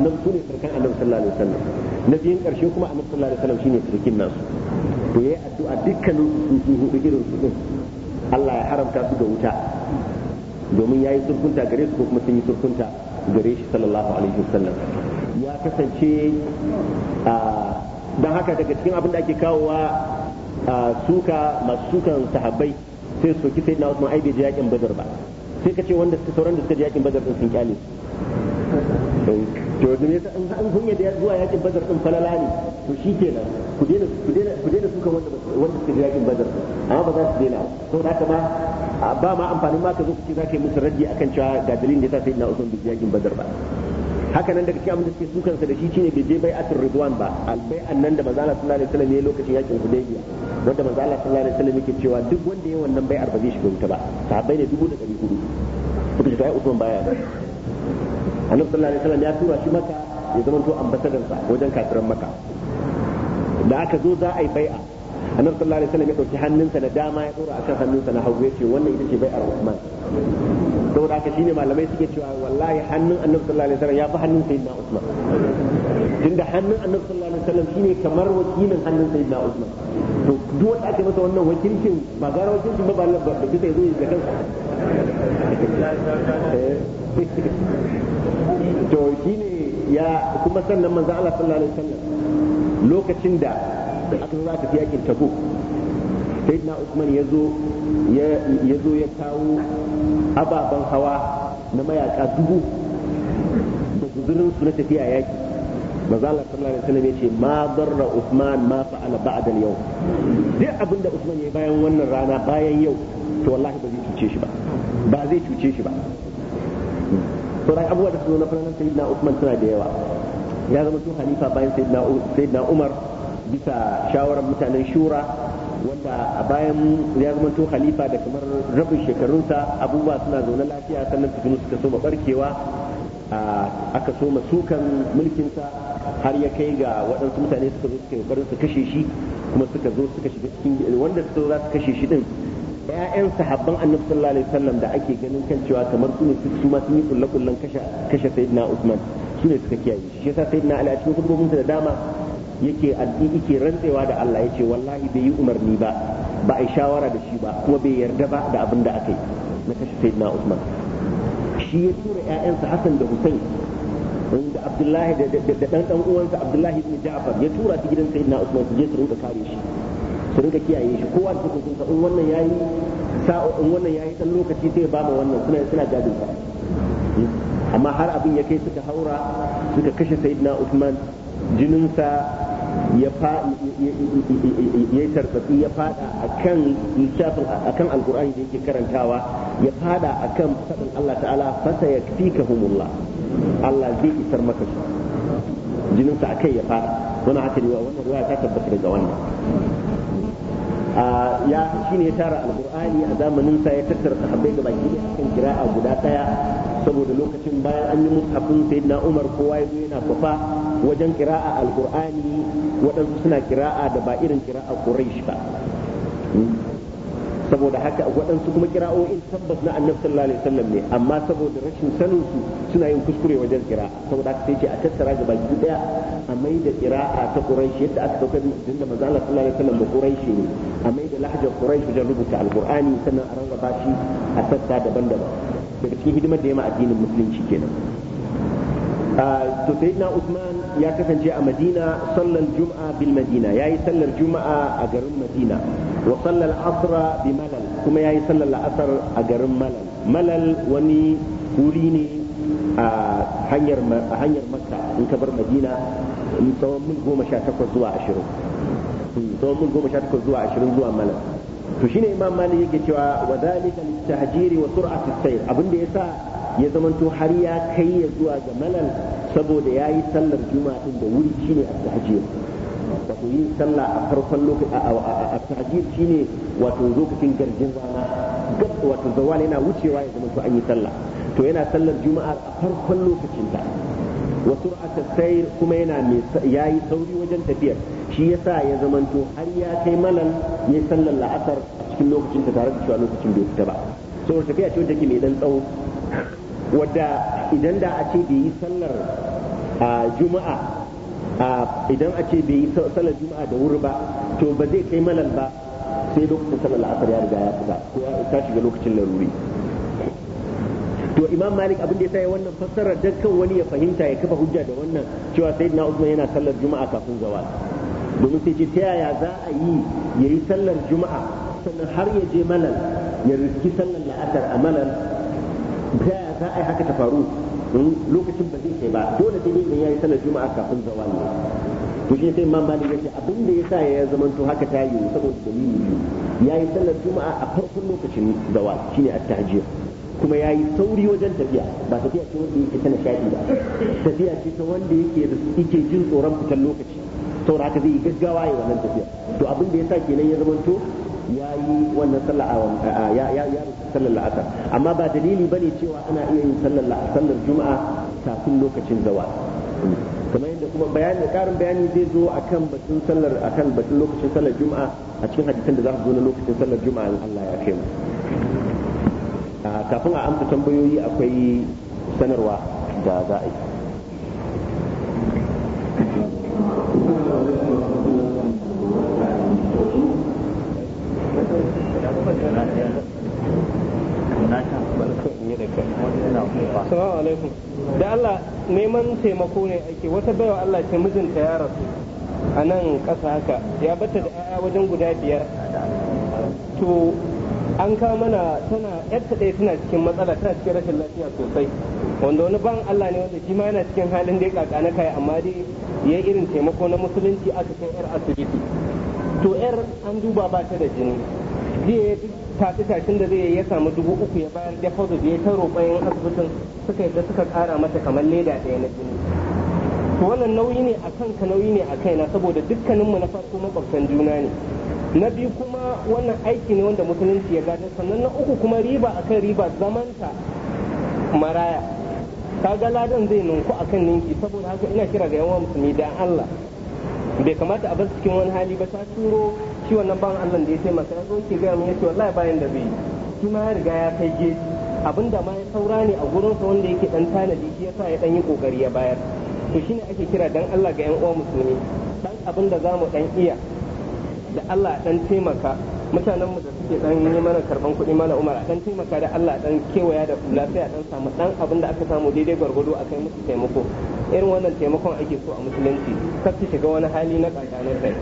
A: annabi su ne surukan annabi sallallahu alaihi wasallam na biyun karshe kuma annabi sallallahu alaihi wasallam shine surkin nasu to yayi addu'a dukkanin su hudu irin su din Allah ya haramta su ga wuta domin yayi surkunta gare su ko kuma sun yi surkunta gare shi sallallahu alaihi wasallam ya kasance a dan haka daga cikin abin da ake kawowa suka masu sukan sahabbai sai soki sai na Usman ai bai ji yakin Badar ba sai ka ce wanda suka sauran da suka je yakin Badar din sun kyale su to da yasa in an kunya da zuwa yakin badar din falala ne to shikenan ku daina ku daina ku daina suka wanda wanda suka yakin badar amma ba za su daina saboda haka ma ba ma amfanin ma ka zo kuke zaka yi musu raddi akan cewa ga dalilin da yasa na Usman bai yakin badar ba haka nan daga cikin abin da suke sukan sa da shi shine bai je bai atur ridwan ba albai nan da manzo Allah sallallahu alaihi wasallam ya lokacin yakin hudaybiya wanda manzo Allah sallallahu alaihi wasallam yake cewa duk wanda yayin wannan bai arba zai shiga wuta ba sahabbai ne dubu da ɗari hudu suka ce sai Usman baya ba annabi sallallahu alaihi wasallam ya tura shi maka ya zama to ambassador sa wajen kafiran maka da aka zo za a yi bai'a annabi sallallahu alaihi wasallam ya dauki hannunsa na dama ya dora akan hannunsa na hagu ya ce wannan ita ce bai'ar Uthman saboda haka shine malamai suke cewa wallahi hannun annabi sallallahu alaihi wasallam ya fi hannun sayyidina Uthman tunda hannun annabi sallallahu alaihi wasallam shine kamar wakilin hannun sayyidina Usman to duk wanda ake masa wannan wakilcin ba gara wakilcin ba ba da bisa yazo ya kansa [LAUGHS] to shine ya kuma sannan manzo Allah sallallahu alaihi wasallam lokacin da aka zo aka yakin Tabuk sayyidina Usman ya zo ya yazo ya kawo ababen hawa na mayaka dubu da guzurin su na tafiya yaki manzo sallallahu alaihi wasallam yace ma darra Usman ma fa'ala ba'da al-yawm duk abinda usman yayi bayan wannan rana bayan yau to wallahi ba zai cuce shi ba ba zai cuce shi ba to dai abuwa da sunan nan sayyidina usman suna da yawa ya zama tun Khalifa bayan sayyidina sayyidina Umar bisa shawarar mutanen shura wanda a bayan ya zama to Khalifa da kamar rabin shekarunsa abubuwa suna zaune lafiya sannan su suka so barkewa aka soma mulkin mulkinsa har ya kai ga waɗansu mutane suka zo suka yi su kashe shi kuma suka zo suka shiga cikin wanda suka za su kashe shi din ƴaƴan sahabban annabi sallallahu alaihi wasallam da ake ganin kan cewa kamar su ne su ma sun yi kulle kullen kashe kashe sayyidina Usman su ne suka kiyaye shi shi yasa sayyidina Ali a cikin kudubobinsa da dama yake addini yake rantsewa da Allah yace wallahi bai yi umarni ba ba a yi shawara da shi ba kuma bai yarda ba da abin da aka yi na kashe sayyidina Usman shi ya tura ƴaƴansa Hassan da Hussein da Abdullahi da dan dan uwansa Abdullahi ibn Ja'far ya tura su gidan Sayyidina Usman su je su rinka kare shi su rinka kiyaye shi kowa da cikin sa in wannan yayi sa'o in wannan yayi dan lokaci sai ba ma wannan suna suna jadin sa amma har abin ya kai suka haura suka kashe Sayyidina Usman jinin sa. ya tarbatsi ya fada kan littafin kan alkur'ani da yake karantawa ya fada kan fadin Allah ta'ala fasa ya ka humullah Allah zai isar maka su jininsa a kai ya fada wani haka ne wannan ruwa ta tabbata daga wannan ya ne ya tara alkur'ani a zamanin sa ya tattara sahabbai da baki akan kira'a guda ɗaya saboda lokacin bayan an yi mushafin sayyidina Umar kowa ya zo yana kwafa wajen kira'a alkur'ani waɗansu suna kira'a da ba irin kira'a quraish ba saboda haka waɗansu kuma kira'o'in tabbas na annabi sallallahu alaihi wasallam ne amma saboda rashin sanin su suna yin kuskure wajen kira'a saboda haka sai ce a tattara ga baki daya a maida da kira'a ta quraish yadda aka saukar da manzo Allah sallallahu alaihi wasallam da quraish ne a maida da lahjar quraish wajen rubuta alqur'ani sannan a rarraba shi a sassa daban-daban daga cikin hidimar da ya ma addinin musulunci kenan ah, to sayyidina Usman ya kasance a madina sallar juma'a bil madina yayi sallar juma'a a garin madina wa sallar asra bi malal kuma yayi sallar la'asar a garin malal malal wani wuri ne a hanyar a hanyar makka in ka bar madina tsawon mil goma sha takwas zuwa ashirin hmm, tsawon mil goma sha takwas zuwa ashirin zuwa malal to shine imam malik yake cewa wa dalika lit tahjiri wa sur'ati sayr abinda yasa ya zamanto har ya kai ya zuwa ga malal saboda ya yi sallar juma'a din da wuri shine a tahajjud wato yin sallah a farkon lokaci a tahajjud shine wato lokacin garjin rana gab wato zawal yana wucewa ya zamanto an yi sallah to yana sallar juma'a a farkon lokacin ta wa sur'ata sayr kuma yana yayi sauri wajen tafiyar shi yasa ya zamanto har ya kai malal ya sallar la'asar a cikin lokacin ta tare da cewa lokacin bai fita ba saboda tafiya ce wanda ke mai dan tsawo wadda idan da a ce bai yi sallar juma'a idan a ce bai yi sallar juma'a da wuri ba to ba zai kai malal ba sai lokacin sallar la'asar ya riga ya fita ko ta shiga lokacin laruri to imam malik abin da ya sa wannan fassarar dan kan wani ya fahimta ya kafa hujja da wannan cewa sayyidina usman yana sallar juma'a kafin zawal domin sai ce ta yaya za a yi yayi sallar juma'a sannan har ya je malal ya riski sallar la'asar a malal ta yaya za a yi haka ta faru hmm? lokacin ba zai kai ba dole sai ne ya yi sanar juma'a kafin zawali to shi sai imam malik yace abin da yasa ya zamanto haka ta yi saboda dalili ya yi sallar juma'a a farkon lokacin zawal shine at-tahajjud kuma yi sauri wajen tafiya ba tafiya ce wanda yake tana shaɗi ba tafiya ce ta wanda yake yake jin tsoron fitar lokaci saboda haka zai gaggawa ya wannan tafiya to abin da yasa kenan ya zamanto Ah, ah, ah, ya yi wannan sallar la'asar amma ba dalili ba ne cewa ana iya yin sallar sallar juma'a kafin lokacin zawa kamar yadda kuma bayani karin bayani zai zo akan batun sallar akan batun lokacin sallar juma'a a cikin hadisan da za su zo na lokacin sallar juma'a in Allah ya kai mu kafin a amsa tambayoyi akwai sanarwa da za a yi
D: Salamu alaikum. Da Allah neman taimako ne ake wata baiwa Allah ce mijinta ya rasu a nan ƙasa haka ya bata da 'ya'ya wajen guda biyar. To an kama mana tana ɗaya tana cikin matsala tana cikin rashin lafiya sosai wanda wani ban Allah ne wanda shi ma yana cikin halin da ya na kai amma dai ya irin taimako na musulunci aka kai yar asibiti to yar an duba ba ta da jini jiya duk tafi tashin da zai ya samu dubu uku ya bayar deposit ya ta roƙon yan asibitin suka da suka kara mata kamar leda ɗaya na jini to wannan nauyi ne a kanka nauyi ne a kaina saboda dukkaninmu na farko makwabtan juna ne na biyu kuma wannan aiki ne wanda musulunci ya gada sannan na uku kuma riba a akan riba zamanta maraya kaga ladan zai ninku kan ninki saboda haka ina kira ga yawan musulmi dan Allah bai kamata a bar cikin wani hali ba ta turo shi wannan ban Allah da ya taimaka ya zo ke gaya min yace wallahi bayan da bai shi ma ya riga ya kai geji abinda ma ya saura ne a gurin sa wanda yake dan tanadi shi yasa ya dan yi kokari ya bayar to shine ake kira dan Allah ga yan uwa musulmi dan abin da zamu dan iya da Allah dan taimaka mutanen mu da suke dan yi mana karban kuɗi mana umar dan taimaka da Allah dan kewaya da lafiya dan samu dan abin da aka samu daidai gargado a kai musu taimako irin wannan taimakon ake so a musulunci kar su shiga wani hali na ƙaƙanin kai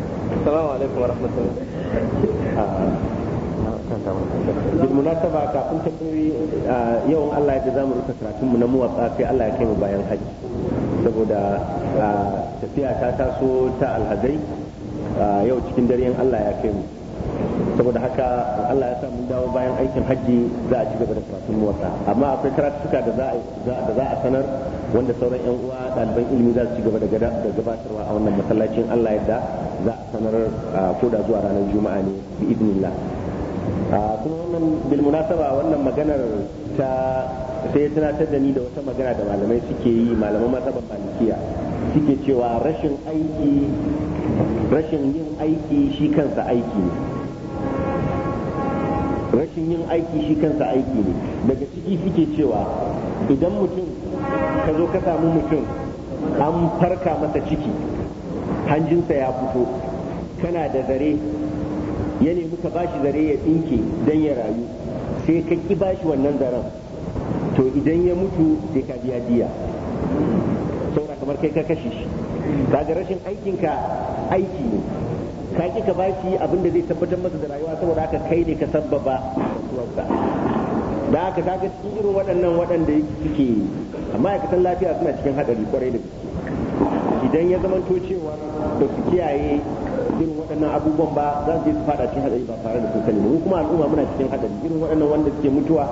D: Assalamualaikum warahmatullahi wabarakatuh. Ah. ah na kan ta wannan. Mun nata baka kun ta yi
A: yawan bayan haji. Saboda ah, tafiya ta taso ta Alhaji ah, yau cikin dare in Allah ya kai mu. saboda haka Allah ya sa mun dawo bayan aikin hajji za a ci gaba da karatun mota amma akwai karatuka da za a sanar wanda sauran yan uwa ɗaliban ilimi za su ci gaba da gabatarwa a wannan masallacin Allah ya da za a sanar ko da zuwa ranar juma'a ne bi idnillah kuma wannan bil munasaba wannan maganar ta sai ya tunatar da ni da wata magana da malamai suke yi malaman mazhaban malikiya suke cewa rashin aiki rashin yin aiki shi kansa aiki ne rashin yin aiki shi kansa aiki ne daga ciki suke cewa idan mutum ka zo ka samu mutum an farka masa ciki hanjinsa ya fito kana da zare ya nemi ka bashi zare ya tsinke don ya rayu sai ka ki bashi wannan zaren to idan ya mutu sai ka biya diya saura kamar kai ka kashe shi kaga rashin aikinka aiki ne ka ki ka bashi abin da zai tabbatar masa da rayuwa saboda haka kai ne ka sababa rasuwarsa da haka kaga cikin irin waɗannan waɗanda suke ma'aikatan lafiya suna cikin haɗari kwarai da gaske idan ya zamanto cewa ba su kiyaye irin waɗannan abubuwan ba za su je su fada cikin haɗari ba tare da sun sani ba kuma al'umma muna cikin haɗari irin waɗannan wanda suke mutuwa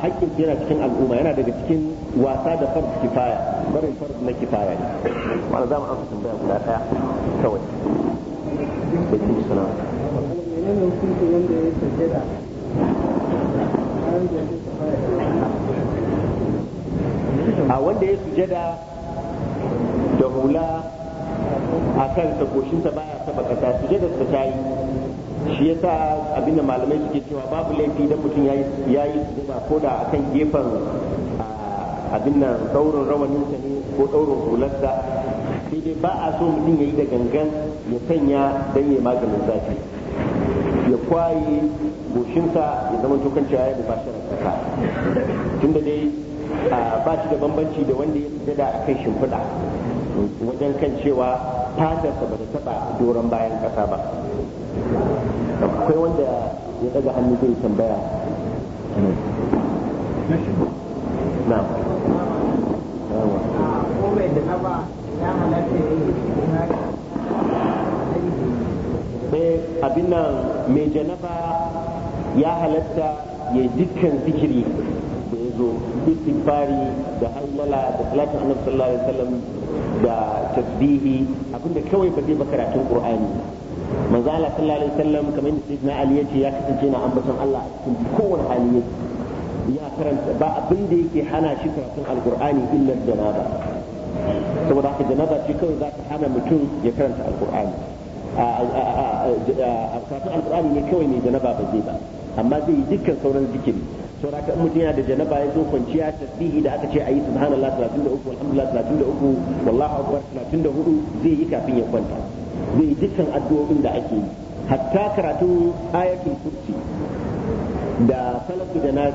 A: haƙƙin yana cikin al'umma yana daga cikin wasa da farz kifaya barin farz na kifaya ne
B: wanda za mu amsa tambaya guda ɗaya kawai da wanda ya sajjada
A: a wanda ya sujada da hula a kan sakoshinsa baya taba kasa sujada ta tayi shi yasa abinda malamai suke cewa babu laifi idan mutum ya yi sujada ko da akan gefen abin nan daurin rawanin ne ko daurin hularsa sai dai ba a so mutum ya yi da gangan ya sanya don ya maganin zafi ya kwaye goshinsa ya zama tokan cewa ya bubashar kasa tunda dai ba shi da bambanci da wanda ya sujada a kan shimfiɗa wajen kan cewa fatarsa ba ta taɓa doron bayan ƙasa ba akwai wanda ya daga hannu zai tambaya eh, abin nan mai janaba ya halatta ya dukkan zikiri da ya zo istighfari da hailala da salatin annabi sallallahu alaihi wasallam da tasbihi abinda kawai ba zai ba karatun qur'ani manzo Allah sallallahu alaihi wasallam kamar yadda sayyidina Ali yace ya kasance na ambaton Allah a cikin kowane hali yake ya karanta ba abin da yake hana shi karatun alqur'ani illa janaba saboda haka janaba kawai za hana mutum ya karanta alqur'ani a karatun alqur'ani ne kawai mai janaba ba zai ba amma zai yi dukkan sauran zikiri saura ka mutum yana da janaba ya zo kwanciya tasbihi da aka ce ayi subhanallah 33 alhamdulillah 33 wallahu akbar 34 zai yi kafin ya kwanta zai yi dukkan addu'o'in da ake yi hatta karatun ayatul kursi da salatu da nas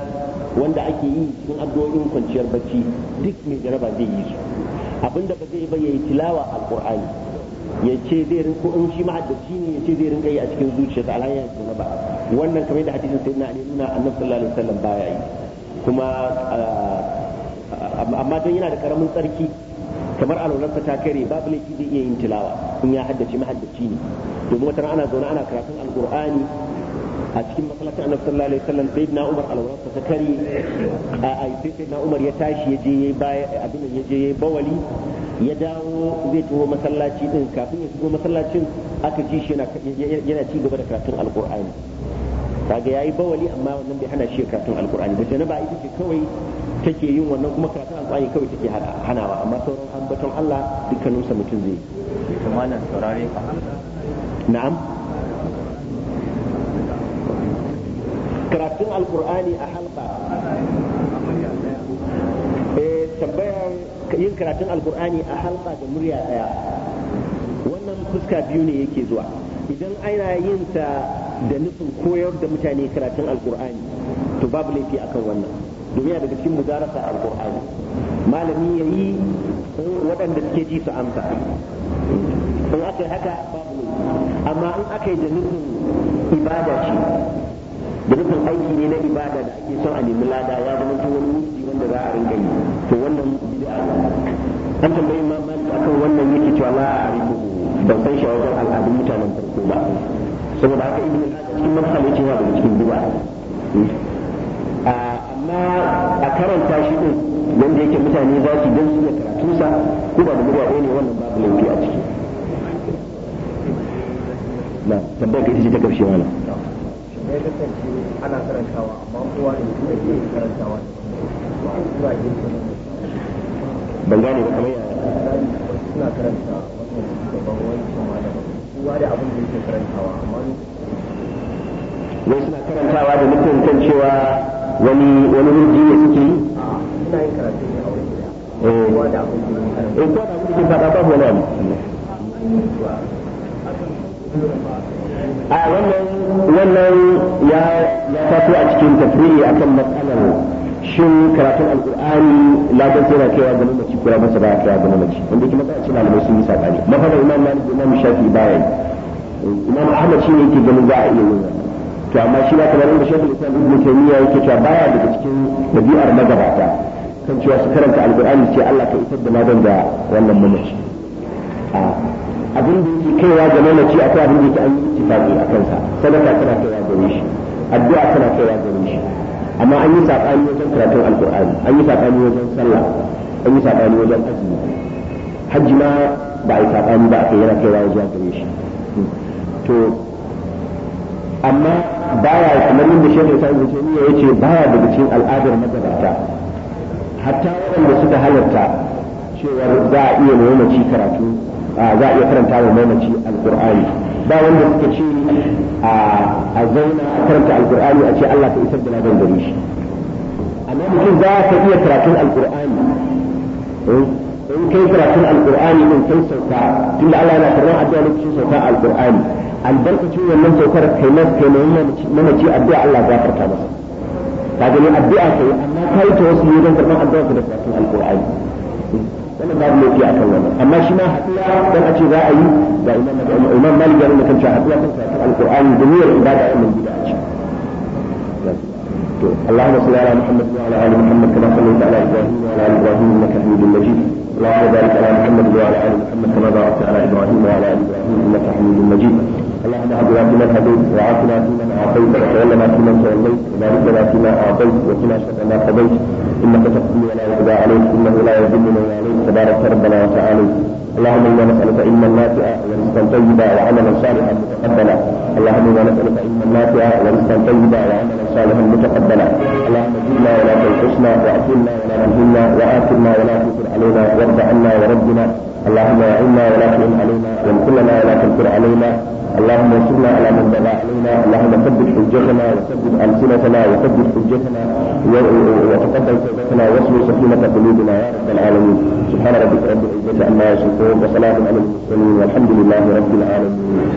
A: wanda ake yi cikin addu'o'in kwanciyar bacci duk mai janaba zai yi su abinda ba zai ba yayi tilawa alqur'ani ya ce zai rinko in shi ma'addaci ne ya ce zai rinka yi a cikin zuciyarsa alhanya janaba wannan kamar da hadisin na ali nuna annabi sallallahu alaihi wasallam baya yi kuma ah, amma don yana da karamin tsarki kamar alwalarsa ta kare babu laifi zai iya yin tilawa in ya haddace mahaddaci ne domin wata ana zaune ana karatun alkur'ani a cikin masallacin annabi sallallahu alaihi wasallam sai na umar alwarsa ta kare a sai sai na umar ya tashi ya je ya baya abin ya je ya bawali ya dawo zai taho masallaci din kafin ya shigo masallacin aka ji shi yana ci gaba da karatun alqur'ani kaga yayi bawali amma wannan bai hana shi karatun alqur'ani ba janaba ita ce kawai take yin wannan kuma karatun alqur'ani kawai take hanawa amma sauran ambaton Allah dukkanin sa mutum zai yi na'am karatun alkur'ani a halka eh, tambayar yin karatun alkur'ani a halka da murya daya wannan fuska biyu ne yake zuwa idan ana yin ta da nufin koyar da mutane karatun alkur'ani to babu laifi akan wannan domin daga cikin mudarasa alkur'ani malami ya yi waɗanda suke
B: ji su amsa in aka yi haka babu amma in aka yi da nufin ibada ce da nufin aiki ne na ibada da ake son a nemi lada ya zama to wani wuce wanda za a rinka yi to wannan bid'a an tambayi ma a akan wannan yake cewa la a'rifu ban san shi a wajen al'adun mutanen farko ba saboda haka ibn al-hajj cikin marhala yake yana daga cikin bid'a amma a karanta shi din wanda yake mutane za su dan su iya karatunsa ko ba da murya ne wannan babu laifi a ciki na tambaya kai ce ta karshe mana ya kasance ana karantawa amma kowa ne kuma ke karantawa ban gane kamar ya suna karanta wannan gaban wani malama kowa da abin da yake karantawa amma wai suna karantawa da nufin kan cewa wani wani wurji ya suke yi suna yin karatu ne a wani gida eh. kowa da abin da yake karanta eh, kowa da abin da yake
C: faɗa a wannan wannan ya ya a cikin tafsiri akan matsalar
B: shin karatun alqur'ani ladan sai na kaiwa ga mamaci kura masa ba kaiwa ga mamaci wanda yake matsala ce malamai sun yi sabani mafalar imam malik imam shafi bayan imam ahmad shi ne yake ganin za a iya yin to amma shi ba kamar yadda shafi islam ibn taymiya yake cewa baya daga cikin dabi'ar magabata kan cewa su karanta alqur'ani sai Allah ka isar da ladan da wannan mamaci abin da yake cewa ga mamaci akwai abin da an yi ittifaqi a kansa sadaka tana kaiwa gare shi addu'a tana kaiwa gare shi amma an yi sabani wajen karatun alqur'ani an yi sabani wajen sallah an yi sabani wajen azumi hajji ma ba a yi sabani ba a kai yana kaiwa wajen gare shi to amma baya kamar yadda shi ne sai jami'a ya yace baya daga cikin al'adar magabata hatta wanda suka halarta cewar za a iya nemo ci karatu za a iya karanta wa mamaci alqur'ani ba wanda suka ce a zauna a karanta alqur'ani a ce Allah ka isar da ladan gare shi
C: amma mutum za ka iya karatun alqur'ani
B: eh, in kai karatun alqur'ani
C: din kai sauka tun da Allah yana karɓar addu'a lokacin sauka alqur'ani albarkacin wannan
B: saukar kai na mamaci addu'a Allah gafarta masa ka gani addu'a kai amma kai ta wasu ne don karɓar addu'a da karatun alqur'ani wannan babu laifi a kan wannan amma shi ma haɗuwa dan a ce za a yi ga imam malik ya nuna kan cewa haɗuwa kan karatun alƙur'ani da niyyar ibada wannan bid'a
C: ce اللهم صل على محمد وعلى ال محمد كما صليت على ابراهيم وعلى ال ابراهيم انك حميد مجيد اللهم بارك على محمد
B: وعلى ال محمد كما باركت على ابراهيم وعلى ال ابراهيم انك حميد مجيد اللهم اهدنا فيمن هديت وعافنا فيمن عافيت وتولنا فيمن توليت وبارك لنا فيما اعطيت وقنا شر ما قضيت انك تقضي ولا يقضى عليك انه لا يذل من عليك تبارك ربنا وتعالى اللهم انا نسالك علما نافعا ورزقا طيبا وعملا صالحا متقبلا اللهم انا نسالك علما نافعا ورزقا طيبا وعملا صالحا متقبلا اللهم زدنا ولا تنقصنا واكلنا ولا نهنا واكلنا ولا تكن علينا وارض عنا وربنا اللهم اعنا ولا تؤم علينا وانقلنا ولا تنكر علينا اللهم انصرنا على من بغى علينا اللهم ثبت حجتنا وثبت السنتنا وثبت حجتنا وتقبل توبتنا واصل سكينه قلوبنا يا رب العالمين سبحان ربك رب العزه عما يصفون وسلام على المرسلين والحمد لله رب العالمين